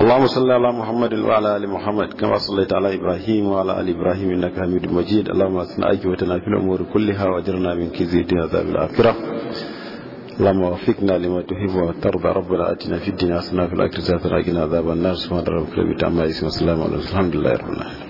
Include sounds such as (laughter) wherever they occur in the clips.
اللهم صل على محمد وعلى ال محمد كما صليت على ابراهيم وعلى ال ابراهيم انك حميد مجيد اللهم اسمع اجوبتنا في الامور كلها واجرنا من كيزي عذاب الاخره اللهم وفقنا لما تحب وترضى ربنا اتنا في الدنيا حسنه في الاخره حسنه وقنا عذاب النار سبحان ربك رب العزه عما يصفون وسلام على الحمد لله رب العالمين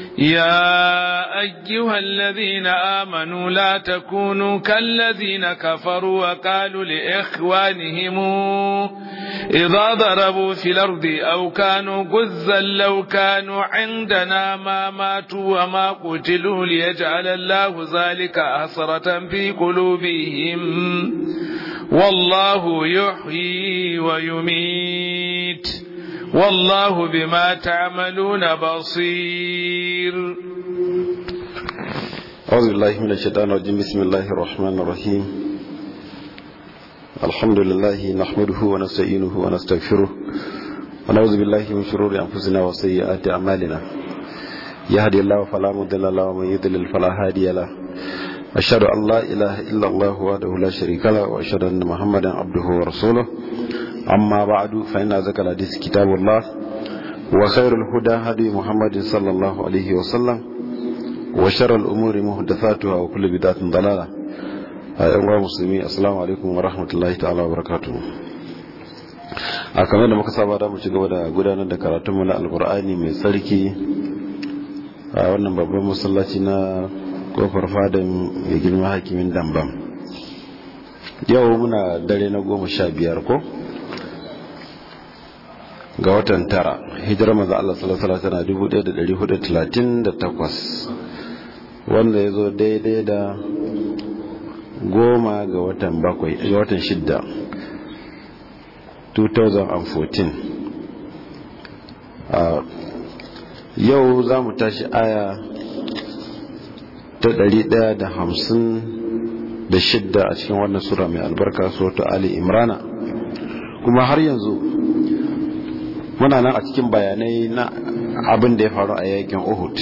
يا أيها الذين آمنوا لا تكونوا كالذين كفروا وقالوا لإخوانهم إذا ضربوا في الأرض أو كانوا جزا لو كانوا عندنا ما ماتوا وما قتلوا ليجعل الله ذلك أسرة في قلوبهم والله يحيي ويميت والله بما تعملون بصير أعوذ بالله من الشيطان الرجيم بسم الله الرحمن الرحيم الحمد لله نحمده ونستعينه ونستغفره ونعوذ بالله من شرور أنفسنا وسيئات أعمالنا يهدي الله فلا مضل له ومن يضلل فلا هادي له أشهد أن لا إله إلا الله وحده لا شريك له وأشهد أن محمدا عبده ورسوله أما بعد فإن ذكر الحديث كتاب الله وخير الهدى هدي محمد صلى الله عليه وسلم وشر الأمور محدثاتها وكل بدعة ضلالة أيها المسلمين السلام عليكم ورحمة الله تعالى وبركاته a kamar da muka saba da mu ci gaba da gudanar da karatunmu na alkur'ani mai tsarki a wannan babban masallaci na kofar fadan ya girma hakimin dambam yau muna dare na goma sha biyar ko ga watan tara hijirar maza Allah sallallahu tana dubu wanda ya zo daidai da goma ga watan bakwai ga watan shidda 2014 ah, yau za mu tashi aya ta ɗari ɗaya da hamsin da shidda a cikin wannan sura mai albarka suratu ali imrana kuma har yanzu muna nan a cikin bayanai na abin da ya faru a yakin uhud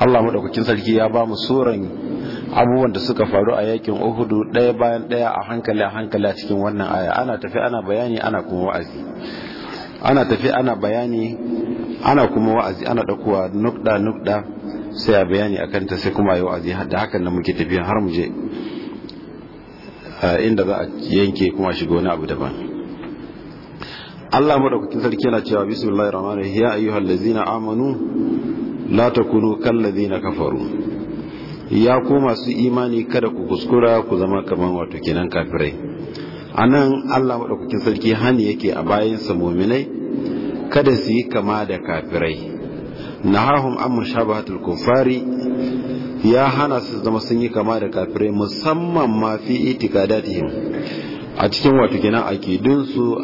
allah maɗaukakin sarki ya ba mu suran abubuwan da suka faru a yakin uhudu ɗaya bayan ɗaya a hankali a hankali a cikin wannan aya ana tafi ana bayani ana kuma wa'azi ana tafi ana bayani ana kuma wa'azi ana ɗaukowa nukɗa nukɗa sai a bayani a kanta sai kuma yau wa'azi da hakan nan muke tafiya har muje je eh, inda za a yanke kuma shiga wani abu daban Allah madaukakin sarki yana cewa bismillahir rahmanir rahim ya ayyuhal ladzina amanu la takunu kal ladzina kafaru ya ku masu imani kada ku kuskura ku zama kaman wato kenan kafirai anan Allah madaukakin sarki hani yake a bayan sa mu'minai kada su yi kama da kafirai nahahum an mushabahatul kufari ya hana su zama sun yi kama da kafirai musamman ma fi itikadatihim a cikin wato kenan akidun su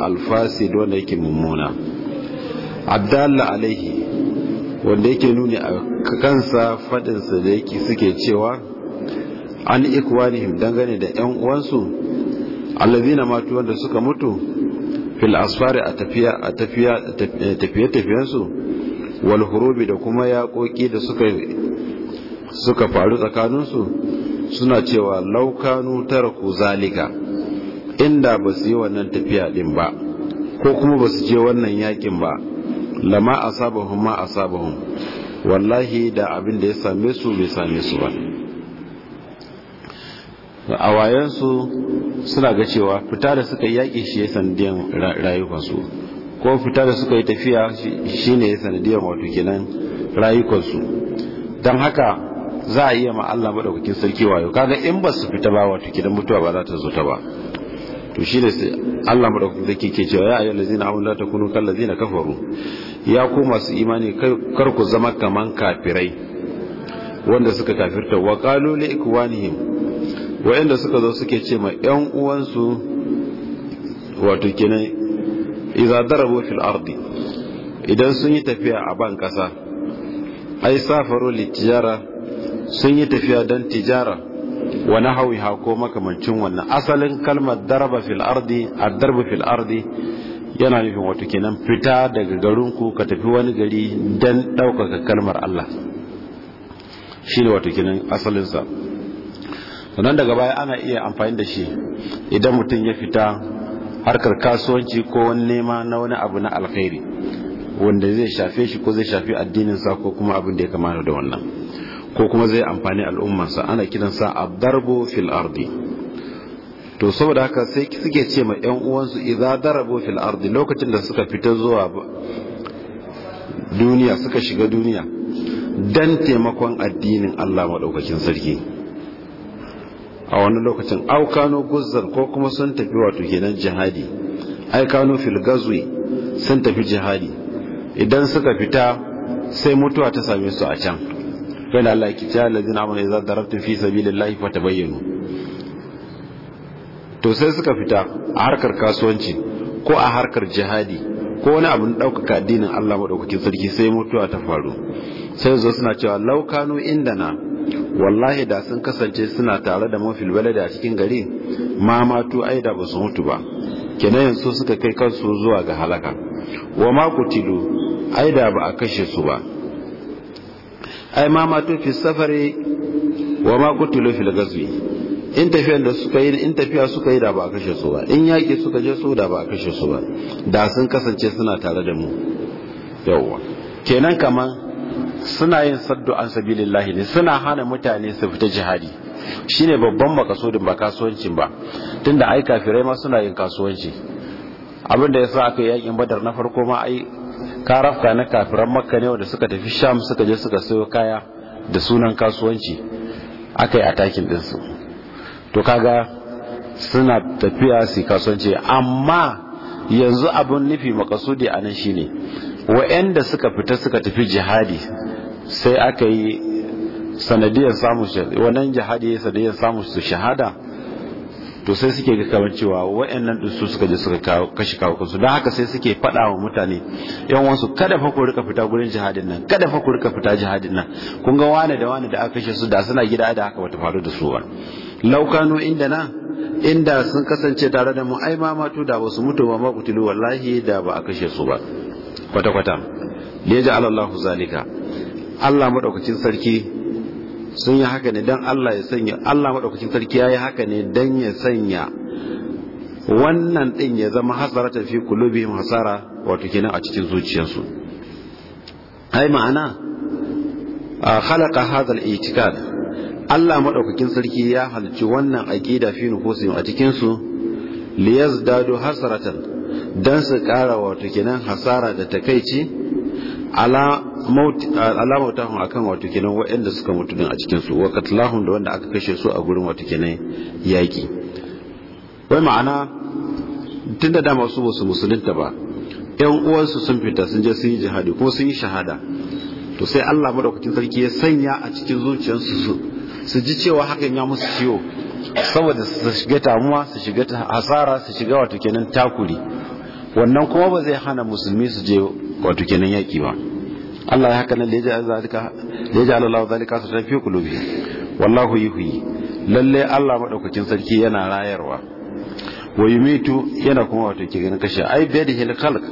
don da yake mummuna abdallah alaihi wanda yake nuni a kansa fadin sa da yake suke cewa an ikwanihim dangane da yan uwansu allazina matu wanda suka mutu fil asfari a tafiya Walhurobi da kuma yaƙoƙi da suka suka faru tsakaninsu suna cewa laukanu taraku zalika inda ba su yi wannan tafiya din ba ko kuma ba su je wannan yakin ba lama asabahum ma asabahum wallahi da abin da ya same su bai same su ba a wayansu suna ga cewa fita da suka yaƙi shi ya sandiyan rayukansu ko fita da suka yi tafiya shine sanadiyar wato kenan rayukansu don haka za a iya ma Allah madaukakin sarki wayo kaga in ba su fita ba wato kenan mutuwa ba za ta zo ta ba to shi ne sai Allah maɗaukakin sarki ke cewa ya ayyuhal ladzina amanu la takunu kan lazina kafaru ya ku masu imani kar ku zama kaman kafirai wanda suka kafirta wa qalu li ikwanihim wa'anda suka zo suke ce ma yan uwansu wato kenan iza darabu fil ardi idan sun yi tafiya a ban kasa ai safaru litijara sun yi tafiya don tijara wa wani ha ko makamancin wannan asalin kalmar daraba fil ardi ad-darbu fil ardi yana nufin wato kenan fita daga garinku ka tafi wani gari don ɗaukaka kalmar Allah shi ne wato kenan asalinsa sannan daga baya ana iya amfani da shi idan mutum ya fita harkar kasuwanci ko wani nema na wani abu na alkhairi wanda zai shafe shi ko zai shafi addininsa ko kuma abin da ya kamata da wannan ko kuma zai amfani al'ummarsa ana kiransa abdarbo fil ardi to saboda haka sai suke ce ma yan uwansu idza darabu fil ardi lokacin da suka fita zuwa duniya suka shiga duniya dan taimakon addinin Allah madaukakin sarki a wani lokacin aukano guzzar ko kuma sun tafi wato kenan jihadi ai fil gazwi sun tafi jihadi idan suka fita sai mutuwa ta same su a can kana Allah ki ta lazina amana idza darabtum fi sabilillahi tabayyanu to sai suka fita a harkar kasuwanci ko a harkar jihadi ko wani abin ɗaukaka addinin Allah maɗaukakin sarki sai mutuwa ta faru sai zo suna cewa laukano na. wallahi da sun kasance suna tare da mafi balade a cikin gari ma matu ai da ba su mutu ba kenan yanzu suka kai kansu zuwa ga halaka wa ma tilo ai da ba a kashe su ba ai ma matu fi safari wa ma tilo fil gazwi in tafiyar da suka yi in tafiya suka yi da ba a kashe su ba in yaƙi suka je su da ba a kashe su ba da sun kasance suna tare da mu yawwa kenan kaman suna yin saddu an sabilin ne suna hana mutane su fita jihadi shine babban makasudin ba kasuwancin ba tunda ai kafirai ma suna yin kasuwanci abinda ya sa aka yi yakin badar na farko ma ai karafka na kafiran makka ne wanda suka tafi sham suka je suka sayo kaya da sunan kasuwanci aka yi takin. ɗinsu to kaga suna tafiya su kasance amma yanzu abin nufi makasudi a nan shine wa'anda suka fita suka tafi jihadi sai aka yi sanadiyar samun wannan jihadi ya sanadiyar samun shahada to sai suke ga kamar cewa wayannan din su suka je suka kashi kawo kansu don haka sai suke faɗa wa mutane yan wasu kada fa ku rika fita gurin jihadin nan kada fa ku rika fita jihadin nan kun ga wane da wane da aka kashe su da suna gida da haka wata faru da su ba laukano inda na inda sun kasance tare da mu ai mamatu da basu mutu ba ma wallahi da ba a kashe su ba kwata kwata ya alallahu zalika Allah madaukakin sarki sun yi haka ne don Allah ya sanya Allah maɗaukacin sarki ya yi haka ne don ya sanya wannan ɗin ya zama hasara tafi kulubi hasara wato kenan a cikin zuciyarsu ai ma'ana a halaka hadal itikad Allah maɗaukakin sarki ya halci wannan aqida fi nufusihim a cikinsu su liyazdadu hasaratan don su ƙara wato kenan hasara da takeici ala mautahun akan wato kenan waɗanda suka mutu din a cikin su wa katlahun da wanda aka kashe su a gurin wato kenan yaki wai ma'ana tunda da masu basu musulunta ba yan uwansu sun fita sun je sun yi jihadi kuma sun yi shahada to sai Allah madaukakin sarki ya sanya a cikin zuciyarsu su ji cewa hakan ya musu ciwo saboda su shiga tamuwa su shiga hasara su shiga wato kenan takuri wannan kuma ba zai hana musulmi su je wato kenan yaki ba Allah ya haka nan da ya ja'ala Allah zalika su tafi kulubi wallahu yuhyi lalle Allah madaukakin sarki yana rayarwa wa yumitu yana kuma wato ke ganin kashe ai bai da al-khalq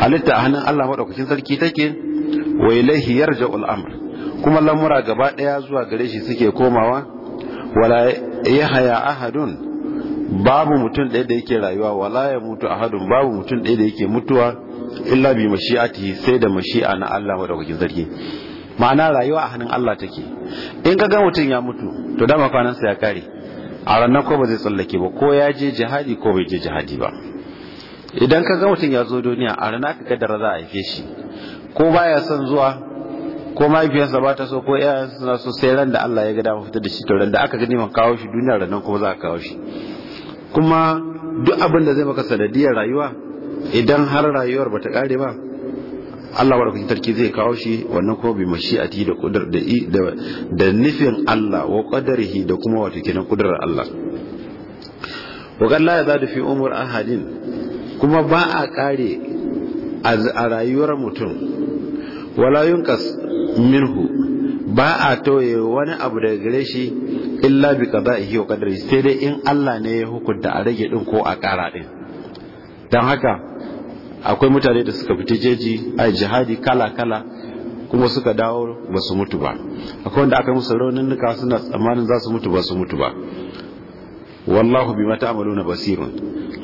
halitta a hannun Allah madaukakin sarki take wa ilayhi yarja'ul amr kuma lamura gaba daya zuwa gare shi suke komawa wala yahya ahadun babu mutum ɗaya da yake rayuwa wala ya mutu ahadun babu mutum ɗaya da yake mutuwa illa bi mashi'ati sai da mashi'a na Allah madaukakin zargi. ma'ana rayuwa a hannun Allah take in ka ga mutum ya mutu to dama kwanan sa ya kare a ranar ko ba zai tsallake ba ko ya je jihadi ko bai je jihadi ba idan ka ga mutum ya zo duniya a rana ka kaddara za a haife shi ko baya son zuwa ko mahaifiyarsa ba ta so ko iyayensa suna so sai ran da Allah ya gada dama fitar da shi to ran da aka gani man kawo shi duniya ranar kuma za a kawo shi kuma duk abin da zai maka sanadiyar rayuwa idan har rayuwar ba ta kare ba Allah barkatun tarki zai kawo shi wannan kuma bi mashi'ati da kudur da da nufin Allah wa qadarihi da kuma wato kenan kudarar Allah wa qad la yazadu fi umur ahadin kuma ba a kare a rayuwar mutum wala yunqas minhu ba a toye wani abu daga gare shi illa bi qada'ihi wa qadari sai dai in Allah ne ya hukunta a rage din ko a kara din dan haka akwai mutane da suka fita jeji a jihadi kala kala kuma suka dawo ba su mutu ba akwai wanda aka musu nuka suna tsammanin za su mutu ba su mutu ba wallahu bi mata basirun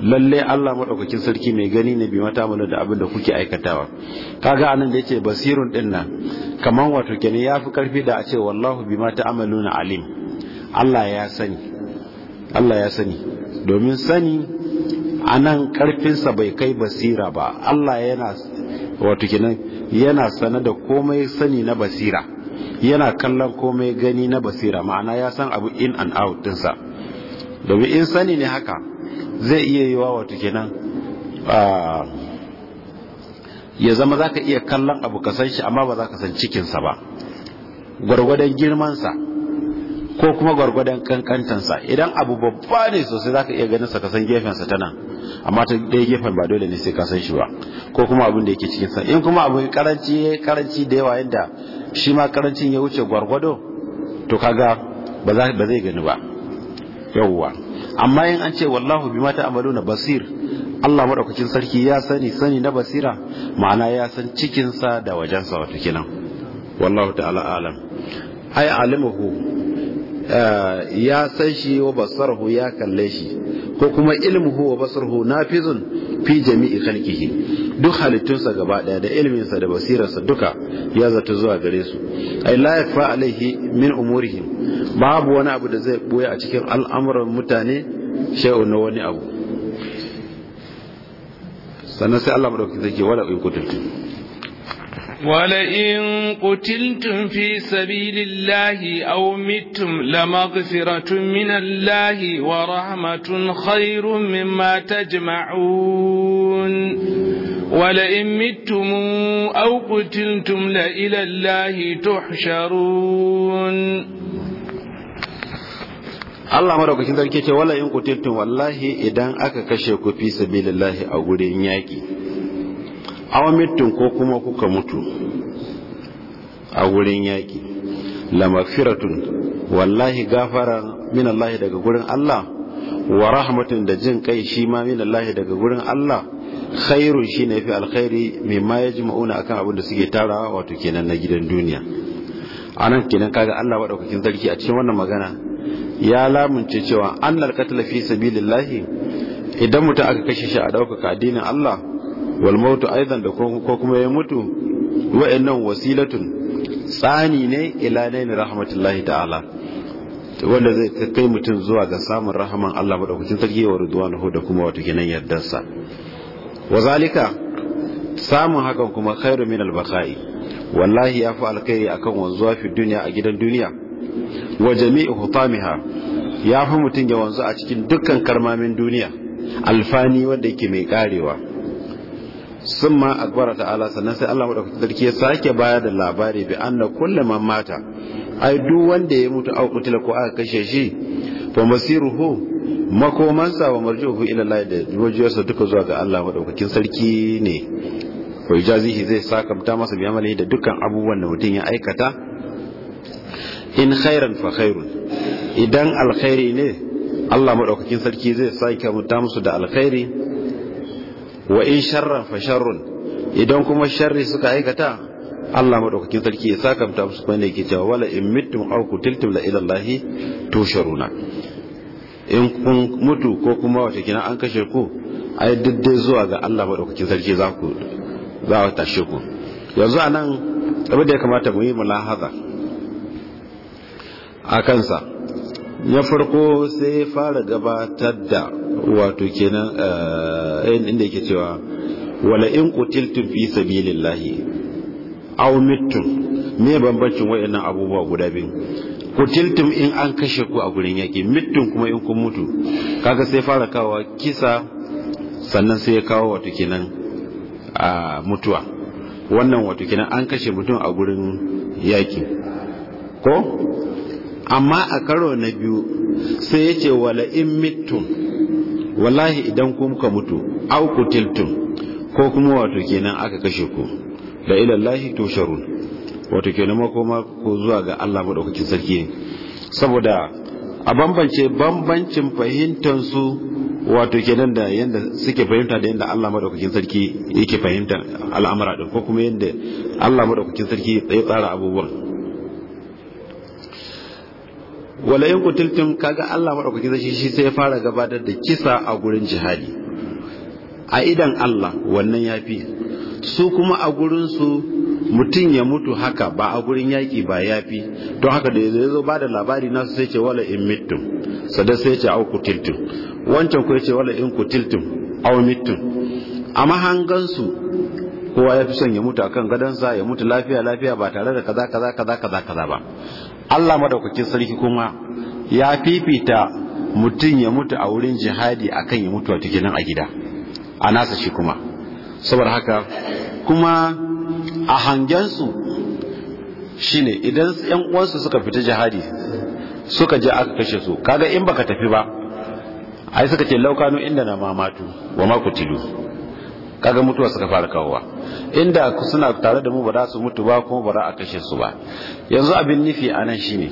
lalle Allah madaukakin sarki mai gani ne bi mata da abin da kuke aikatawa kaga anan da yake basirun din nan kaman wato kenan yafi karfi da a ce wallahu bi mata alim Allah ya sani Allah ya sani domin sani a nan ƙarfinsa bai kai basira ba Allah yana wato kinan yana sane da komai sani na basira yana kallon komai gani na basira ma'ana ya san abu in and out dinsa domin in sani ne haka zai iya wa wato kinan ya zama za ka iya kallon abu ka san shi amma ba za ka san cikinsa ba gwargwadon girmansa ko kuma gwargwadon kankantansa idan abu babba ne sosai za ka iya ganin sa ka san gefen sa tana amma ta ɗaya gefen ba dole ne sai ka san shi ba ko kuma abin da yake cikin sa in kuma abu karanci karanci da yawa yadda shi ma karancin ya wuce gwargwado to kaga ba za ba zai gani ba yawwa amma in an ce wallahu bima ta'maluna basir Allah madaukakin sarki ya sani sani na basira ma'ana ya san cikin sa da wajen sa wato kenan wallahu ta'ala alam ai alimuhu Eh, ya san shi wa basarhu ya kalle shi ko kuma ilmuhu wa basarhu nafizun fi jami'i khalqihi duk halittunsa gaba daya da ilminsa da basirarsa duka ya zata zuwa gare su ai la yakfa alaihi min umurihim babu wani abu da zai boye a cikin al'amuran mutane shay'un na wani abu sannan sai Allah madaukakin sarki wala in kutuntu ولئن قتلتم في سبيل الله أو متم لمغفرة من الله ورحمة خير مما تجمعون ولئن متم أو قتلتم لإلى الله تحشرون Allah madaukakin sarki ce wala in kutiltum wallahi idan aka kashe ku fi sabilillahi a gurin yaki awamittun ko kuma kuka mutu a wurin yaƙi lamafiratun wallahi gafara min Allah daga gurin Allah wa rahmatun da jin kai shi ma min Allah daga gurin Allah khairun shi ne fi alkhairi mimma ya ji ma'una akan abin da suke tarawa wato kenan na gidan duniya a nan kenan kaga Allah waɗaukakin zarki a cikin wannan magana ya lamunce cewa an narkata fi sabilillahi idan mutum aka kashe shi a ɗaukaka addinin Allah wal mautu da ko kuma ya mutu wa'annan wasilatun tsani ne ila na rahmatullahi ta'ala wanda zai kai mutum zuwa ga samun rahaman Allah madaukakin sarki wa ridwanahu da kuma wato ginan yardarsa wa zalika samun hakan kuma khairu min al-baqa'i wallahi yafi alkhairi akan wanzuwa fi duniya a gidan duniya wa jami'i hutamiha ya yafi mutum ya wanzu a cikin dukkan karmamin duniya alfani wanda yake mai karewa sun ma ta Ala sannan sai Allah madaukakin sarki ya sake bayar da labari bi anna kulle man mata ai duk wanda ya mutu au kutila ko aka kashe shi fa masiruhu makomansa wa marjuhu ila Allah da wajiyarsa duka zuwa ga Allah maɗaukakin sarki ne wa jazihi zai sakamta masa bi amali da dukkan abubuwan da mutum ya aikata in khairan fa khairun idan alkhairi ne Allah maɗaukakin sarki zai sake mutu musu da alkhairi wa in sharra fa sharrun idan kuma sharri suka aikata Allah madaukakin sarki ya sakamta musu kuma yake cewa wala in mittum aw kutiltum la ila Allah tusharuna in kun mutu ko kuma wata kina an kashe ku ai dai zuwa ga Allah madaukakin sarki za ku za ku tashe ku yanzu anan abin da ya kamata mu yi mulahaza a kansa Na farko sai fara gabatar da wato kenan eh, inda yake cewa wala in qutiltum fi sabilillahi aw mittum me bambancin wayannan abubuwa guda biyu qutiltum in an kashe ku a gurin yaki mittum kuma in kun mutu kaga sai fara kawo kisa sannan sai ya kawo wato kenan a mutuwa wannan wato kenan an kashe mutum a gurin yaki ko amma a karo na biyu sai ya ce wala in mittum wallahi idan ku ka mutu au kutiltum ko kuma wato kenan aka kashe ku da ilallahi tusharun wato kenan makoma ko zuwa ga Allah madaukakin sarki saboda a bambance bambancin fahimtar su wato kenan da yanda suke fahimta da yanda Allah madaukakin sarki yake fahimta al'amura din ko kuma yanda Allah madaukakin sarki ya tsara abubuwan wala in kutiltum kaga Allah maɗaukaki zai shi sai ya fara gabatar da kisa a gurin jihadi a idan Allah wannan ya fi su kuma a gurin mutum ya mutu haka ba a gurin yaki ba ya fi don haka da ya zo ba da labari nasu sai ce wala in mittum sadar sai ce au kutiltum wancan ko ce wala in kutiltum au mittum amma hangansu kowa ya fi son ya mutu akan gadansa ya mutu lafiya lafiya ba tare da kaza kaza kaza kaza kaza ba Allah madaukakin sarki kuma ya fifita mutum ya mutu a wurin jihadi akan ya mutu a cikin a gida a nasa shi kuma saboda haka kuma a hangensu shine idan yan uwansu suka fita jihadi suka je aka kashe su kaga in baka tafi ba ai suka ce laukanu inda na mamatu wa ma kutilu kaga mutuwa suka fara kawowa inda suna tare da mu ba za su mutu ba kuma ba za a kashe su ba yanzu abin nufi a nan ne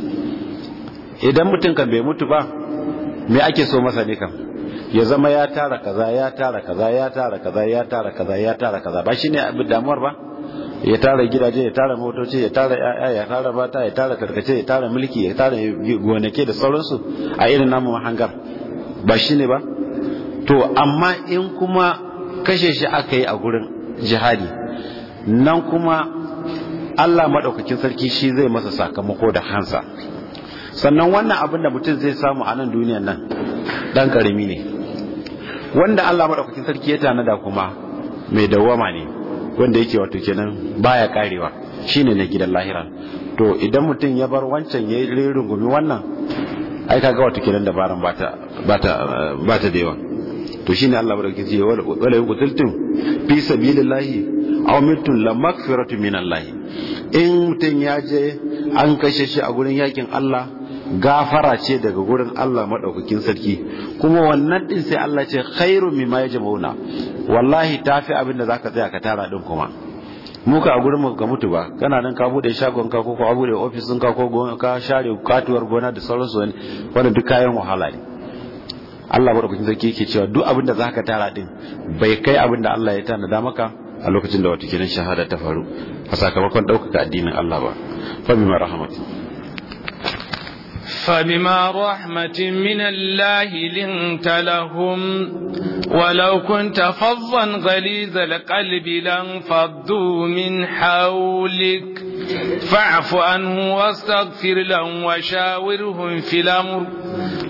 idan mutum kan bai mutu ba me ake so masa ne kan ya zama ya tara kaza ya tara kaza ya tara kaza ya tara kaza ya tara kaza ba ne abin damuwar ba ya tara gidaje ya tara motoci ya tara ya'ya ya tara mata ya tara karkace ya tara mulki ya tara gonake da sauransu a irin namu hangar ba shi ne ba to amma in kuma kashe shi aka yi a gurin jihadi nan kuma Allah maɗaukakin sarki shi zai masa sakamako da hansa sannan wannan abin da mutum zai samu a nan duniyan nan ɗan ƙarami ne wanda Allah maɗaukakin sarki ya tana da kuma mai dawwama ne wanda yake wato kenan baya karewa shine na gidan lahira to idan mutum ya bar wancan ya yi rungumi wannan ai kaga wato kenan dabaran bata bata bata da yawa to shine Allah barkin ce wala yuqtiltum fi sabilillahi aw mittum la minallahi in mutun ya je an kashe shi a gurin yakin Allah gafara ce daga gurin Allah madaukakin sarki kuma wannan din sai Allah ce khairu mimma yajmauna wallahi tafi abin da zaka tsaya ka tara din kuma muka a gurin ka mutu ba kana nan ka bude shagon ka ko ka bude ofisin ka ko ka share katuwar gona da sauransu wani duk kayan wahala ne Allah madaukakin sarki yake cewa duk abin da zaka tara din bai kai abin da Allah ya tanada maka a lokacin da wata shahada ta faru a sakamakon ɗaukaka addinin Allah ba fa bima rahmatin فبما رحمة من الله لنت لهم ولو كنت فظا غليظ القلب لانفضوا من حولك فاعف عنه واستغفر لهم وشاورهم في الأمر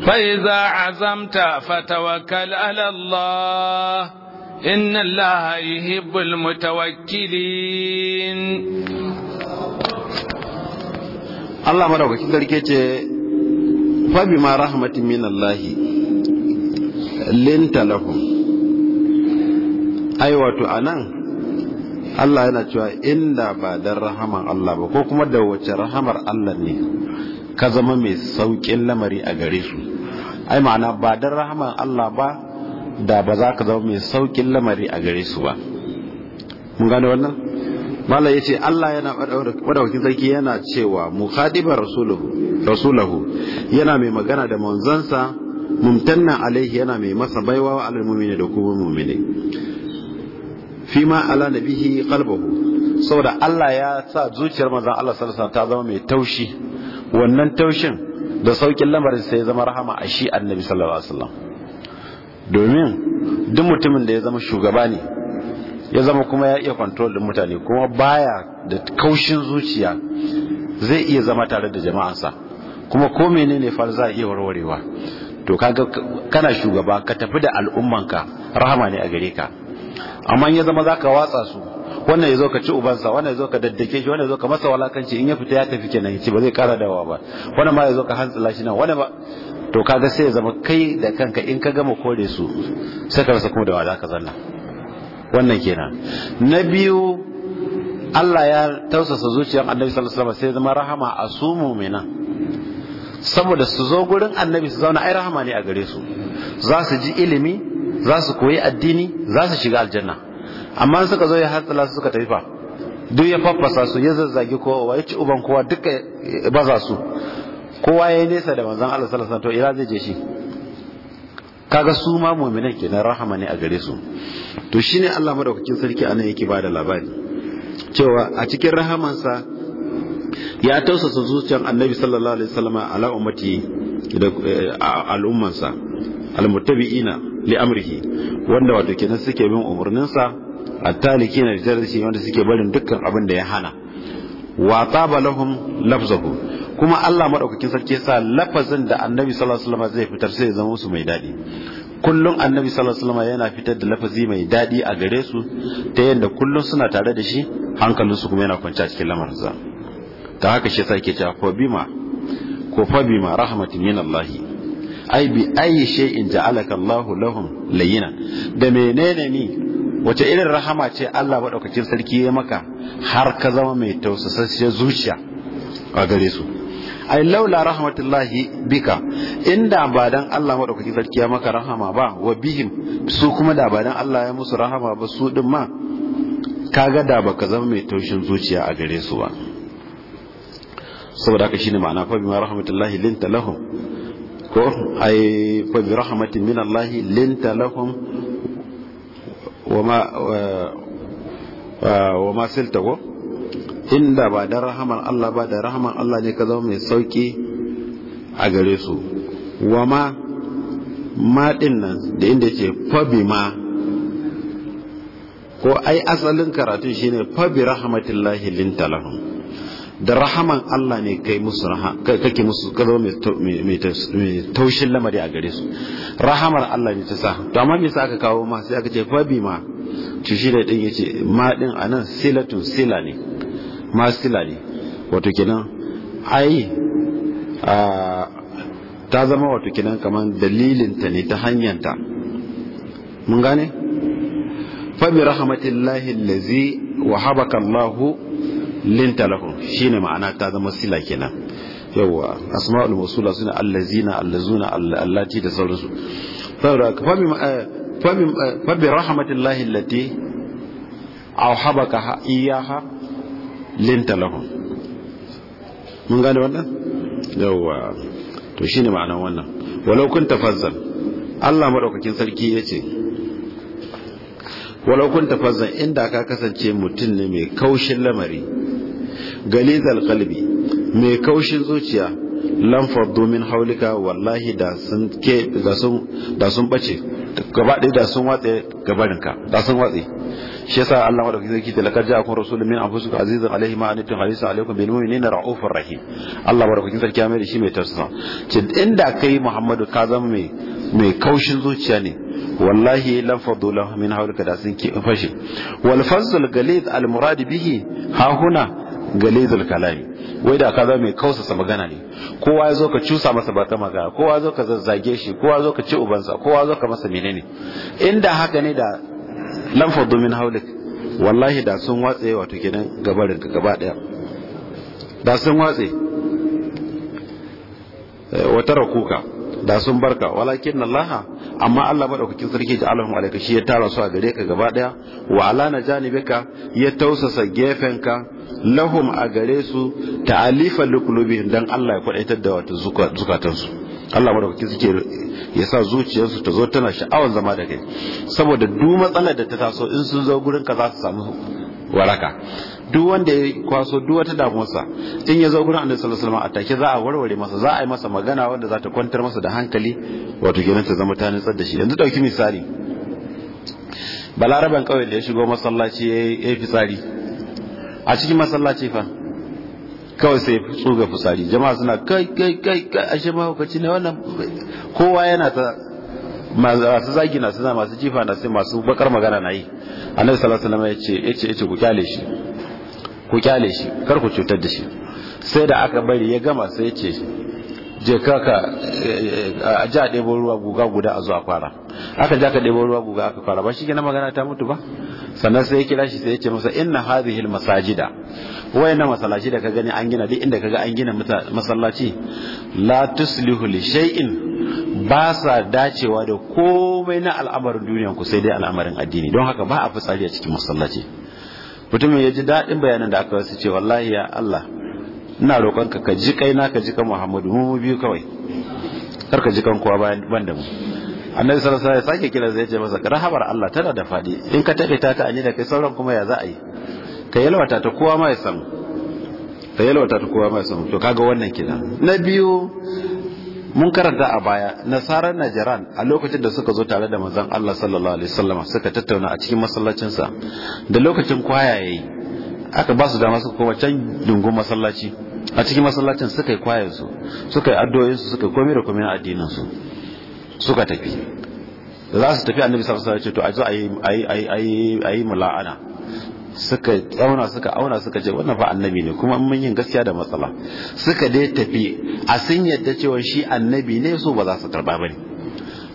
فإذا عزمت فتوكل على الله إن الله يحب المتوكلين الله مرحبا sarki fa ma rahmatin min Allah linta lahum anan Allah yana cewa inda ba dan rahaman Allah ba ko kuma da wace rahamar Allah ne ka zama mai saukin lamari a gare su ai ma'ana ba dan rahaman Allah ba da ba za ka zama mai sauƙin lamari a gare su ba mun gane wannan malai ce Allah yana madaukakin sarki yana cewa mukhadiba rasuluhu rasuluhu yana mai magana da manzansa mumtanna alaihi yana mai masa baiwa wa almu'mini da kuma mu'mini fima ala nabihi qalbuhu saboda Allah ya sa zuciyar manzon Allah sallallahu alaihi ta zama mai taushi wannan taushin da saukin lamarin sai ya zama rahama a shi annabi sallallahu alaihi wasallam domin duk mutumin da ya zama shugaba ne ya zama kuma ya iya control da mutane kuma baya da kaushin zuciya zai iya zama tare da jama'arsa kuma ko menene far za a iya warwarewa to kana shugaba ka tafi da al'ummanka rahama ne a gare ka amma ya zama za ka watsa su wannan ya zo ka ci ubansa wannan ya zo ka daddake shi wannan ya zo ka masa walakanci in ya fita ya tafi kenan yace ba zai kara dawa ba wannan ma ya zo ka hantsila shi nan wannan ba to kaga sai ya zama kai da kanka in ka gama kore su sai ka rasa kuma da wa ka zanna wannan kenan na biyu Allah ya tausasa zuciyar annabi sallallahu alaihi wasallam sai zama rahama a su mu'mina saboda su zo gurin annabi su zauna ai rahama ne a gare su za su ji ilimi za su koyi addini za su shiga aljanna amma suka zo ya hatsala su suka tafi fa duk ya faffasa su ya zazzagi kowa ya ci uban kowa duka baza su kowa ya nesa da manzon Allah sallallahu alaihi wasallam to ina zai je shi kaga su ma mu'minan kenan rahama ne a gare su to shine Allah madaukakin sarki anan yake ba da labari cewa a cikin rahamansa ya tausasa zuciyar annabi sallallahu alaihi wasallama ala ummati da eh, al'ummansa almuttabi'ina li amrihi wanda wato kenan suke bin umarninsa attaliki na da wanda suke barin dukkan abin da ya hana wa taba lahum lafzahu kuma Allah madaukakin sarki yasa lafazin da annabi sallallahu alaihi wasallam zai fitar sai ya zama musu mai daɗi kullum annabi sallallahu alaihi wasallam yana fitar da lafazi mai daɗi a gare su ta yadda kullun suna tare da shi hankalinsu kuma yana kwanci a cikin lamarinsa ta haka shi yasa yake cewa fa bima ko fa bima rahmatin min Allah ai bi ayi shay'in ja'alaka Allah lahum layyina da menene ni wace irin rahama ce Allah madaukakin sarki ya maka har ka zama mai tausasasshe zuciya a gare su ai laula rahmatullahi bika inda ba dan Allah madaukaki sarki ya maka rahama ba wa bihim su kuma da ba dan Allah ya musu rahama ba su din ma kaga da baka zama mai taushin zuciya a gare su ba saboda haka shine ma'ana fa bima rahmatullahi linta lahum ko ai fa bi rahmatin min Allah linta lahum ma wa ma ko inda ba da rahaman Allah ba da rahaman Allah ne ka zama mai sauki a gare su wa ma maɗin nan da inda ce fabi ma ko ai asalin karatun shine fabi rahmatillahi lintalahum da rahaman Allah ne kai musu kake musu ka zama mai taushin lamari a gare su rahamar Allah ne ta sa to amma me sa aka kawo ma sai aka ce fabi ma to shi da din yace ma din anan silatun sila ne mastila ne wato kenan ai ta zama wato kenan kamar dalilinta ne ta hanyanta mun gane fabi rahmatillahi allazi wa habaka Allahu linta shi shine ma'ana ta zama sila kenan yawa asma'ul musula suna allazina allazuna allati da sauransu fabi eh, eh, rahmatillahi allati aw habaka iyaha linta lahu mun gane wannan yawwa to shine ma'anar wannan walau kun fazzan Allah madaukakin sarki yace walau kun fazzan inda ka kasance mutum ne mai kaushin lamari galizal qalbi mai kaushin zuciya lan faddu min haulika wallahi da sun ke da sun da sun bace gaba da sun watse gabarinka da sun watse shi yasa Allah wa dauki zaki talakar ja akun rasulun min anfusuka azizun alaihi ma anitun harisun alaikum bil mu'minina raufur rahim Allah wa dauki sarki mai da shi mai tausa ce inda kai Muhammadu ka zama mai mai kaushin zuciya ne wallahi lan fadu lahu min hawlika da sun ki fashi wal fazl galid al murad bihi ha huna galizul kalami wai da ka mai kausasa magana ne kowa ya zo ka cusa masa baka magana kowa ya zo ka zazzage shi kowa ya zo ka ci ubansa kowa ya zo ka masa menene inda haka ne da lan fadu min haulik wallahi da sun watse wato kenan gabarin ka gaba daya da sun watse eh, wata rakuka da sun barka walakin Laha amma Allah madaukakin sarki da Allahu alaika shi ya tara su a gare ka gaba daya wa ala janibika ya tausasa ka lahum a gare su ta'alifa liqulubihim dan Allah ya kwadaitar da wato zukatansu Allah madaukakin suke ya sa zuciyarsu ta zo tana sha'awar zama da kai saboda duk matsalar da ta taso in sun zo gurin ka za su samu waraka duk wanda ya kwaso duk wata damuwarsa in ya zo gurin annabi sallallahu alaihi wasallam a take za a warware masa za a yi masa magana wanda za ta kwantar masa da hankali wato kenan ta zama ta nutsar da shi yanzu dauki misali Balaraben kauye da ya shigo masallaci ya yi fitsari a cikin masallaci fa kawai sai tsoga fusari jama'a suna kai kai kai kai ashe mahaukaci ne wannan kowa yana ta masu zagi na suna masu jifa na sai masu bakar magana na yi annabi sallallahu alaihi wasallam ya ce ya ce ku kyale shi ku kyale shi kar ku cutar da shi sai da aka bari ya gama sai ya ce je kaka eh, eh, a ja ɗebo ruwa guga guda a zuwa kwara aka ja ka ɗebo ruwa guga aka kwara ba shi na magana ta mutu ba sannan sai ya kira shi sai ya ce masa inna hadhihi masajida na masallaci da ka gani an gina duk inda ga an gina masallaci la tuslihu li shay'in ba sa dacewa da komai na al'amarin duniyan ku sai dai al'amarin addini don haka ba a fitsari a cikin masallaci mutumin ya ji daɗin bayanan da aka wasu ce wallahi ya Allah ina roƙonka ka ji kaina ka ji kan Muhammadu mu biyu kawai kar ka ji kan kowa ban da mu annabi sallallahu alaihi wasallam ya sake kira zai ce masa rahabar Allah tana da fadi in ka tabe ta ta ani da kai sauran kuma ya za a yi ka yalwata ta kowa ma ya samu yalwata ta kowa ma ya to kaga wannan kina na biyu mun karanta a baya nasarar najaran a lokacin da suka zo tare da manzon Allah sallallahu alaihi wasallam suka tattauna a cikin masallacinsa da lokacin kwaya yayi aka ba su dama suka koma can dungun masallaci a cikin masallacin suka yi su suka yi addu'o'insu suka yi komai da komai na addininsu suka tafi da za su tafi annabi sallallahu alaihi wasallam to a zo a yi mula'ana suka tsauna suka auna suka ce wannan fa annabi ne kuma mun yin gaskiya da matsala suka dai tafi a sun yadda cewa shi annabi ne so ba za su karba bane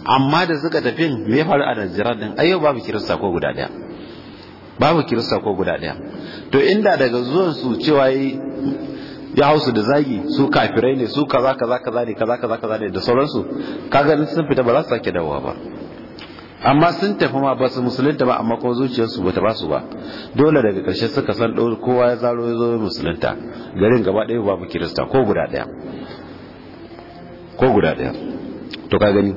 amma da suka tafi me ya faru a Najeriya din ayyau babu kirista ko guda daya babu kirista ko guda daya to inda daga zuwan su cewa yi ya hausu da zagi su kafirai ne su kaza kaza kaza ne kaza kaza kaza ne da sauransu kaga sun fita ba za su sake dawowa ba amma sun tafi ma ba su musulunta ba amma kuma zuciyarsu bata ba su ba dole daga karshe suka san kowa ya zaro ya zo musulunta garin gaba ɗaya babu kirista ko guda ɗaya ko guda ɗaya to ka gani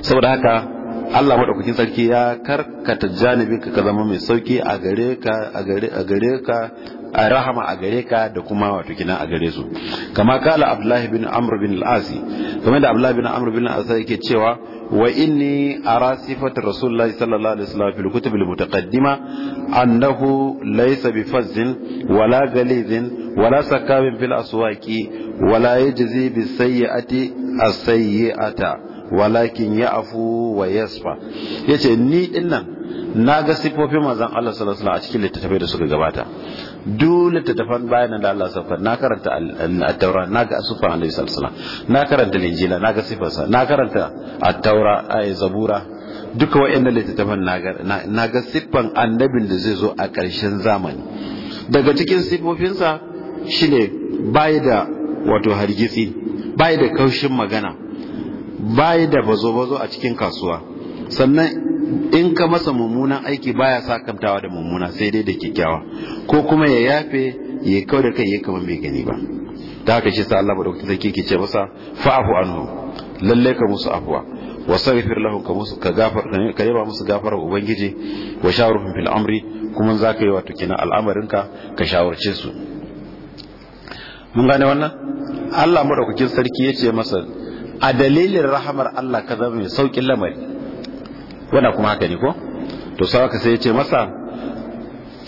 saboda haka Allah madaukakin sarki ya karkata janibin ka zama mai sauki a gare ka a gare a gare ka a rahama a gare ka da kuma wato kina a gare su kama kala Abdullahi bin Amr bin al-As kamar da Abdullahi bin Amr bin al-As yake cewa wa inni ara sifatu Rasulullahi sallallahu alaihi wasallam fil kutub al-mutaqaddima annahu laysa bifazzin wala galizin wala sakabin fil aswaqi wala yajzi bisayyi'ati as-sayyi'ata walakin ya afu wa yasfa yace ni nan na ga sifofin mazan Allah sallallahu alaihi wasallam a cikin littattafai da suka gabata duk littattafan bayan da Allah saukar na karanta at-taura na ga sifofin Annabi sallallahu alaihi wasallam na karanta injila na ga sifarsa na karanta at-taura ay zabura duka wayannan littattafan na ga sifofin annabin da zai zo a ƙarshen zamani daga cikin sifofinsa shine bai da wato hargitsi bai da kaushin magana bayi da bazo-bazo a cikin kasuwa sannan in ka masa mummunan aiki baya sakantawa da mummuna sai dai da kyakkyawa ko kuma ya yafe ya kawo da kai ya kama mai gani ba ta haka shi sa Allah madaukakin sarki ke ce masa fa'afu anhu lalle ka musu afuwa wa sarfir lahum ka musu ka gafar ka yaba musu gafarar ubangiji wa shawaruhum fil amri kuma za ka yi wato kina al'amarin ka ka shawarce su mun gane wannan Allah madaukakin sarki ya ce masa a dalilin rahamar Allah ka zama mai saukin lamari wanda kuma haka ne ko to ka sai ya ce masa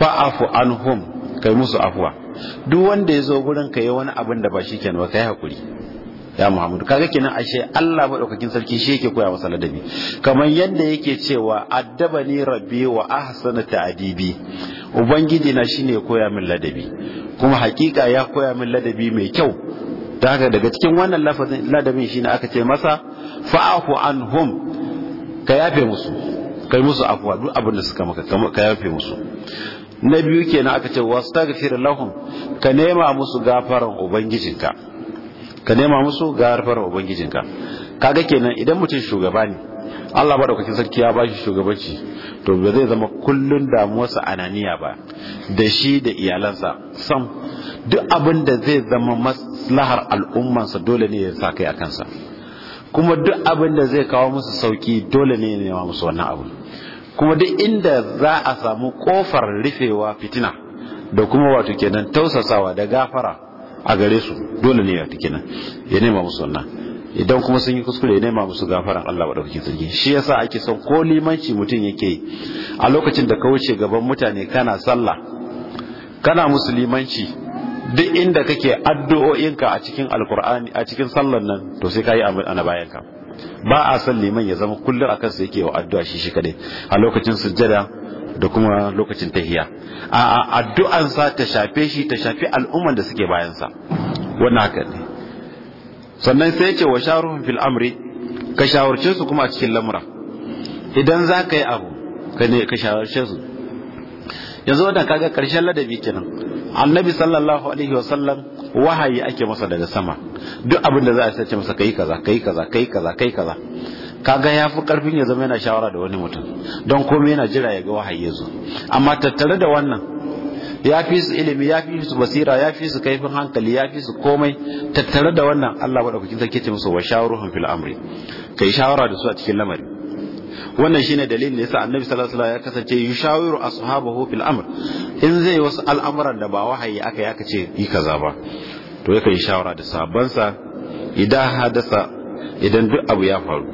fa'afu anhum kai musu afuwa duk wanda ya zo gurin ka yi wani abin da ba shi kenan ba kai hakuri ya Muhammadu kaga kenan ashe Allah maɗaukakin sarki shi yake koya masa ladabi kamar yadda yake cewa addabani rabbi wa ahsana ta'dibi ubangiji na shine ya koya min ladabi kuma hakika ya koya min ladabi mai kyau da haka daga cikin wannan lafazin ladabin shi ne aka ce masa fa'afu anhum ka yafe musu kai musu afuwa duk abin da suka maka ka yafe musu na biyu kenan aka ce wastaghfir lahum ka nema musu gafaran ubangijinka ka nema musu gafaran ubangijinka kaga kenan idan mutum shugaba ne Allah madaukakin sarki ya bashi shugabanci to ba zai zama kullun damuwarsa ananiya ba da shi da iyalansa sam duk abin da zai zama maslahar al'ummansa dole ne ya sa kai a kansa kuma duk abin da zai kawo musu sauki dole ne ya nema musu wannan abu kuma duk inda za a samu kofar rufewa fitina da kuma wato kenan tausasawa da gafara a gare su dole ne tuke nan ya nema musu wannan idan kuma sun yi kuskure nema musu gafaran Allah madaukakin sarki shi yasa ake son ko limanci mutum yake a lokacin da ka wuce gaban mutane kana sallah kana musulmanci duk inda kake addu'o'inka a cikin alkur'ani a cikin sallar nan to sai yi abin ana bayan ka ba a son liman ya zama kullum akan sa yake wa addu'a shi shi a lokacin sujjada da kuma lokacin tahiya a sa ta shafe shi ta shafi al'umman da suke bayansa wannan haka ne sannan sai ce wa sharuhun fil amri ka shawarce su kuma a cikin lamura idan za ka yi abu ka ne ka shawarce su yanzu wannan kaga karshen ladabi kenan annabi sallallahu alaihi wa sallam wahayi ake masa daga sama duk abin da za a sace masa kai kaza kai kaza kai kaza kai kaza kaga ya fi karfin ya zama yana shawara da wani mutum don komai yana jira ya ga wahayi ya amma tattare da wannan ya fi su ilimi ya fi su basira ya fi su kaifin hankali ya fi su komai tattare da wannan Allah madaukakin sarki ce musu wa shawaruhum fil amri kai shawara da su a cikin lamari wannan shine dalilin da yasa annabi sallallahu alaihi wasallam ya kasance yushawiru ashabahu fil amr in zai wasu al'amuran da ba wahayi aka yi aka ce yi kaza ba to yakan yi shawara da sabansa idan hadasa idan duk abu ya faru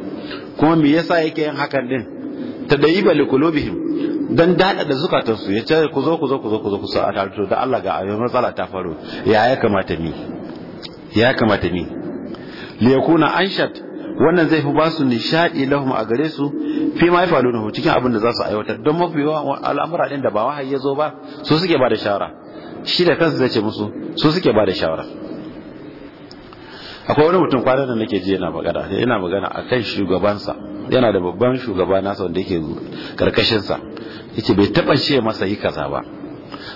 kuma me yasa yake yin hakan din tadayiba likulubihim don daɗaɗa zukatansu ya ce ku zo ku zo ku zo ku zo ku sa a tarto da Allah ga abin matsala ta faru ya ya kamata ni ya kamata ni yakuna anshat wannan zai fi ba su nishadi lahum a gare su fi ma yafalu nahu cikin abin da za su aiwatar don mafi yawan al'amura ɗin da ba wahayi ya zo ba su suke ba da shawara shi da kansu zai ce musu su suke ba da shawara akwai wani mutum kwanan da nake ji yana magana yana magana a kan shugabansa yana da babban shugaba nasa wanda yake karkashinsa yake bai taba ce masa yi kaza ba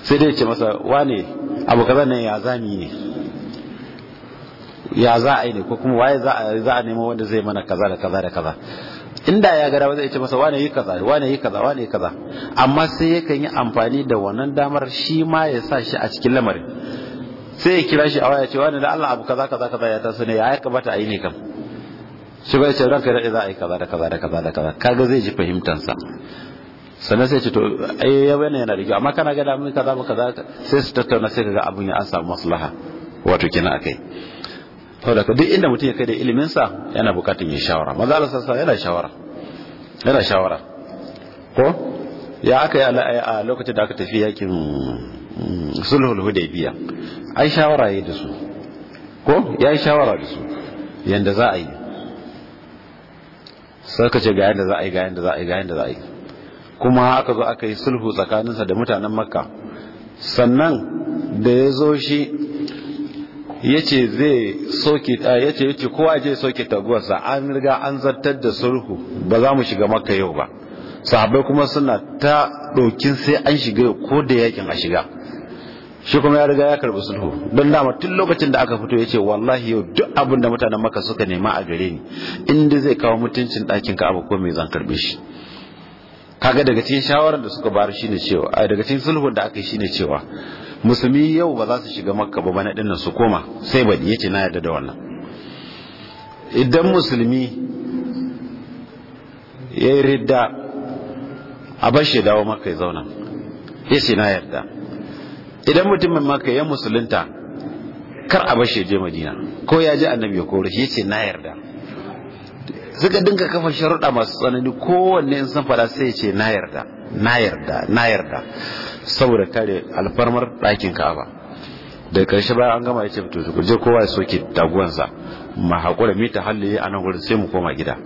sai dai ce masa wane abu kaza nan ya za ne ya za a yi ne ko kuma waye za a nema wanda zai mana kaza da kaza da kaza inda ya gara zai ce masa wane yi kaza wane yi kaza wane yi kaza amma sai yakan yi amfani da wannan damar shi ma ya sa shi a cikin lamarin sai ya kira shi a waya cewa ne da Allah abu kaza kaza kaza ya taso ne ya kamata a yi ne kam shi bai ce ranka daɗe za a yi kaza da kaza da kaza da kaza kaga zai ji fahimtansa sannan sai ce to ai ya yana da kyau amma kana ga mun kaza kaza sai su tattauna sai kaga abun ya an samu maslaha wato kenan akai saboda ka duk inda mutum ya kai da ilimin sa yana bukatun yin shawara maza Allah sassa yana shawara yana shawara ko ya aka yi a lokacin da aka tafi yakin mm, sulhul hudaybiya ai shawara yi da su ko ya yi shawara da su yadda za a yi suka ce ga yanda za a yi ga yanda za a yi ga yanda za a yi kuma aka zo aka yi sulhu tsakaninsa da mutanen makka sannan da ya zo shi ya ce zai soke ya ce yace kowa je soke taguwarsa an riga an zartar da sulhu ba za mu shiga makka yau ba sahabai kuma suna ta ɗokin sai an shiga ko da yakin a shiga shi kuma ya riga ya karbi sulhu don dama tun lokacin da aka fito ya ce wallahi yau duk abin da mutanen maka suka nema a gare ni inda zai kawo mutuncin ɗakin abu ko me zan karbe shi kaga daga cikin shawarar da suka bayar shine cewa a daga cikin sulhun da aka yi shine cewa musulmi yau ba za su shiga makka ba bana dinnan su koma sai badi yace na yarda da wannan idan musulmi ya yi ridda a bashi dawo makka ya zauna yace na yarda idan mutumin maka ya musulunta kar a bashe je madina ko ya ji annabi ya kore shi yace na yarda suka dinka kafa sharuɗa masu tsanani kowanne in san fada sai ce na yarda na yarda na yarda saboda kare alfarmar ɗakin ka'aba da karshe bayan an gama ya ce to je kowa ya soke taguwansa ma haƙura mita halli a nan wurin sai mu koma gida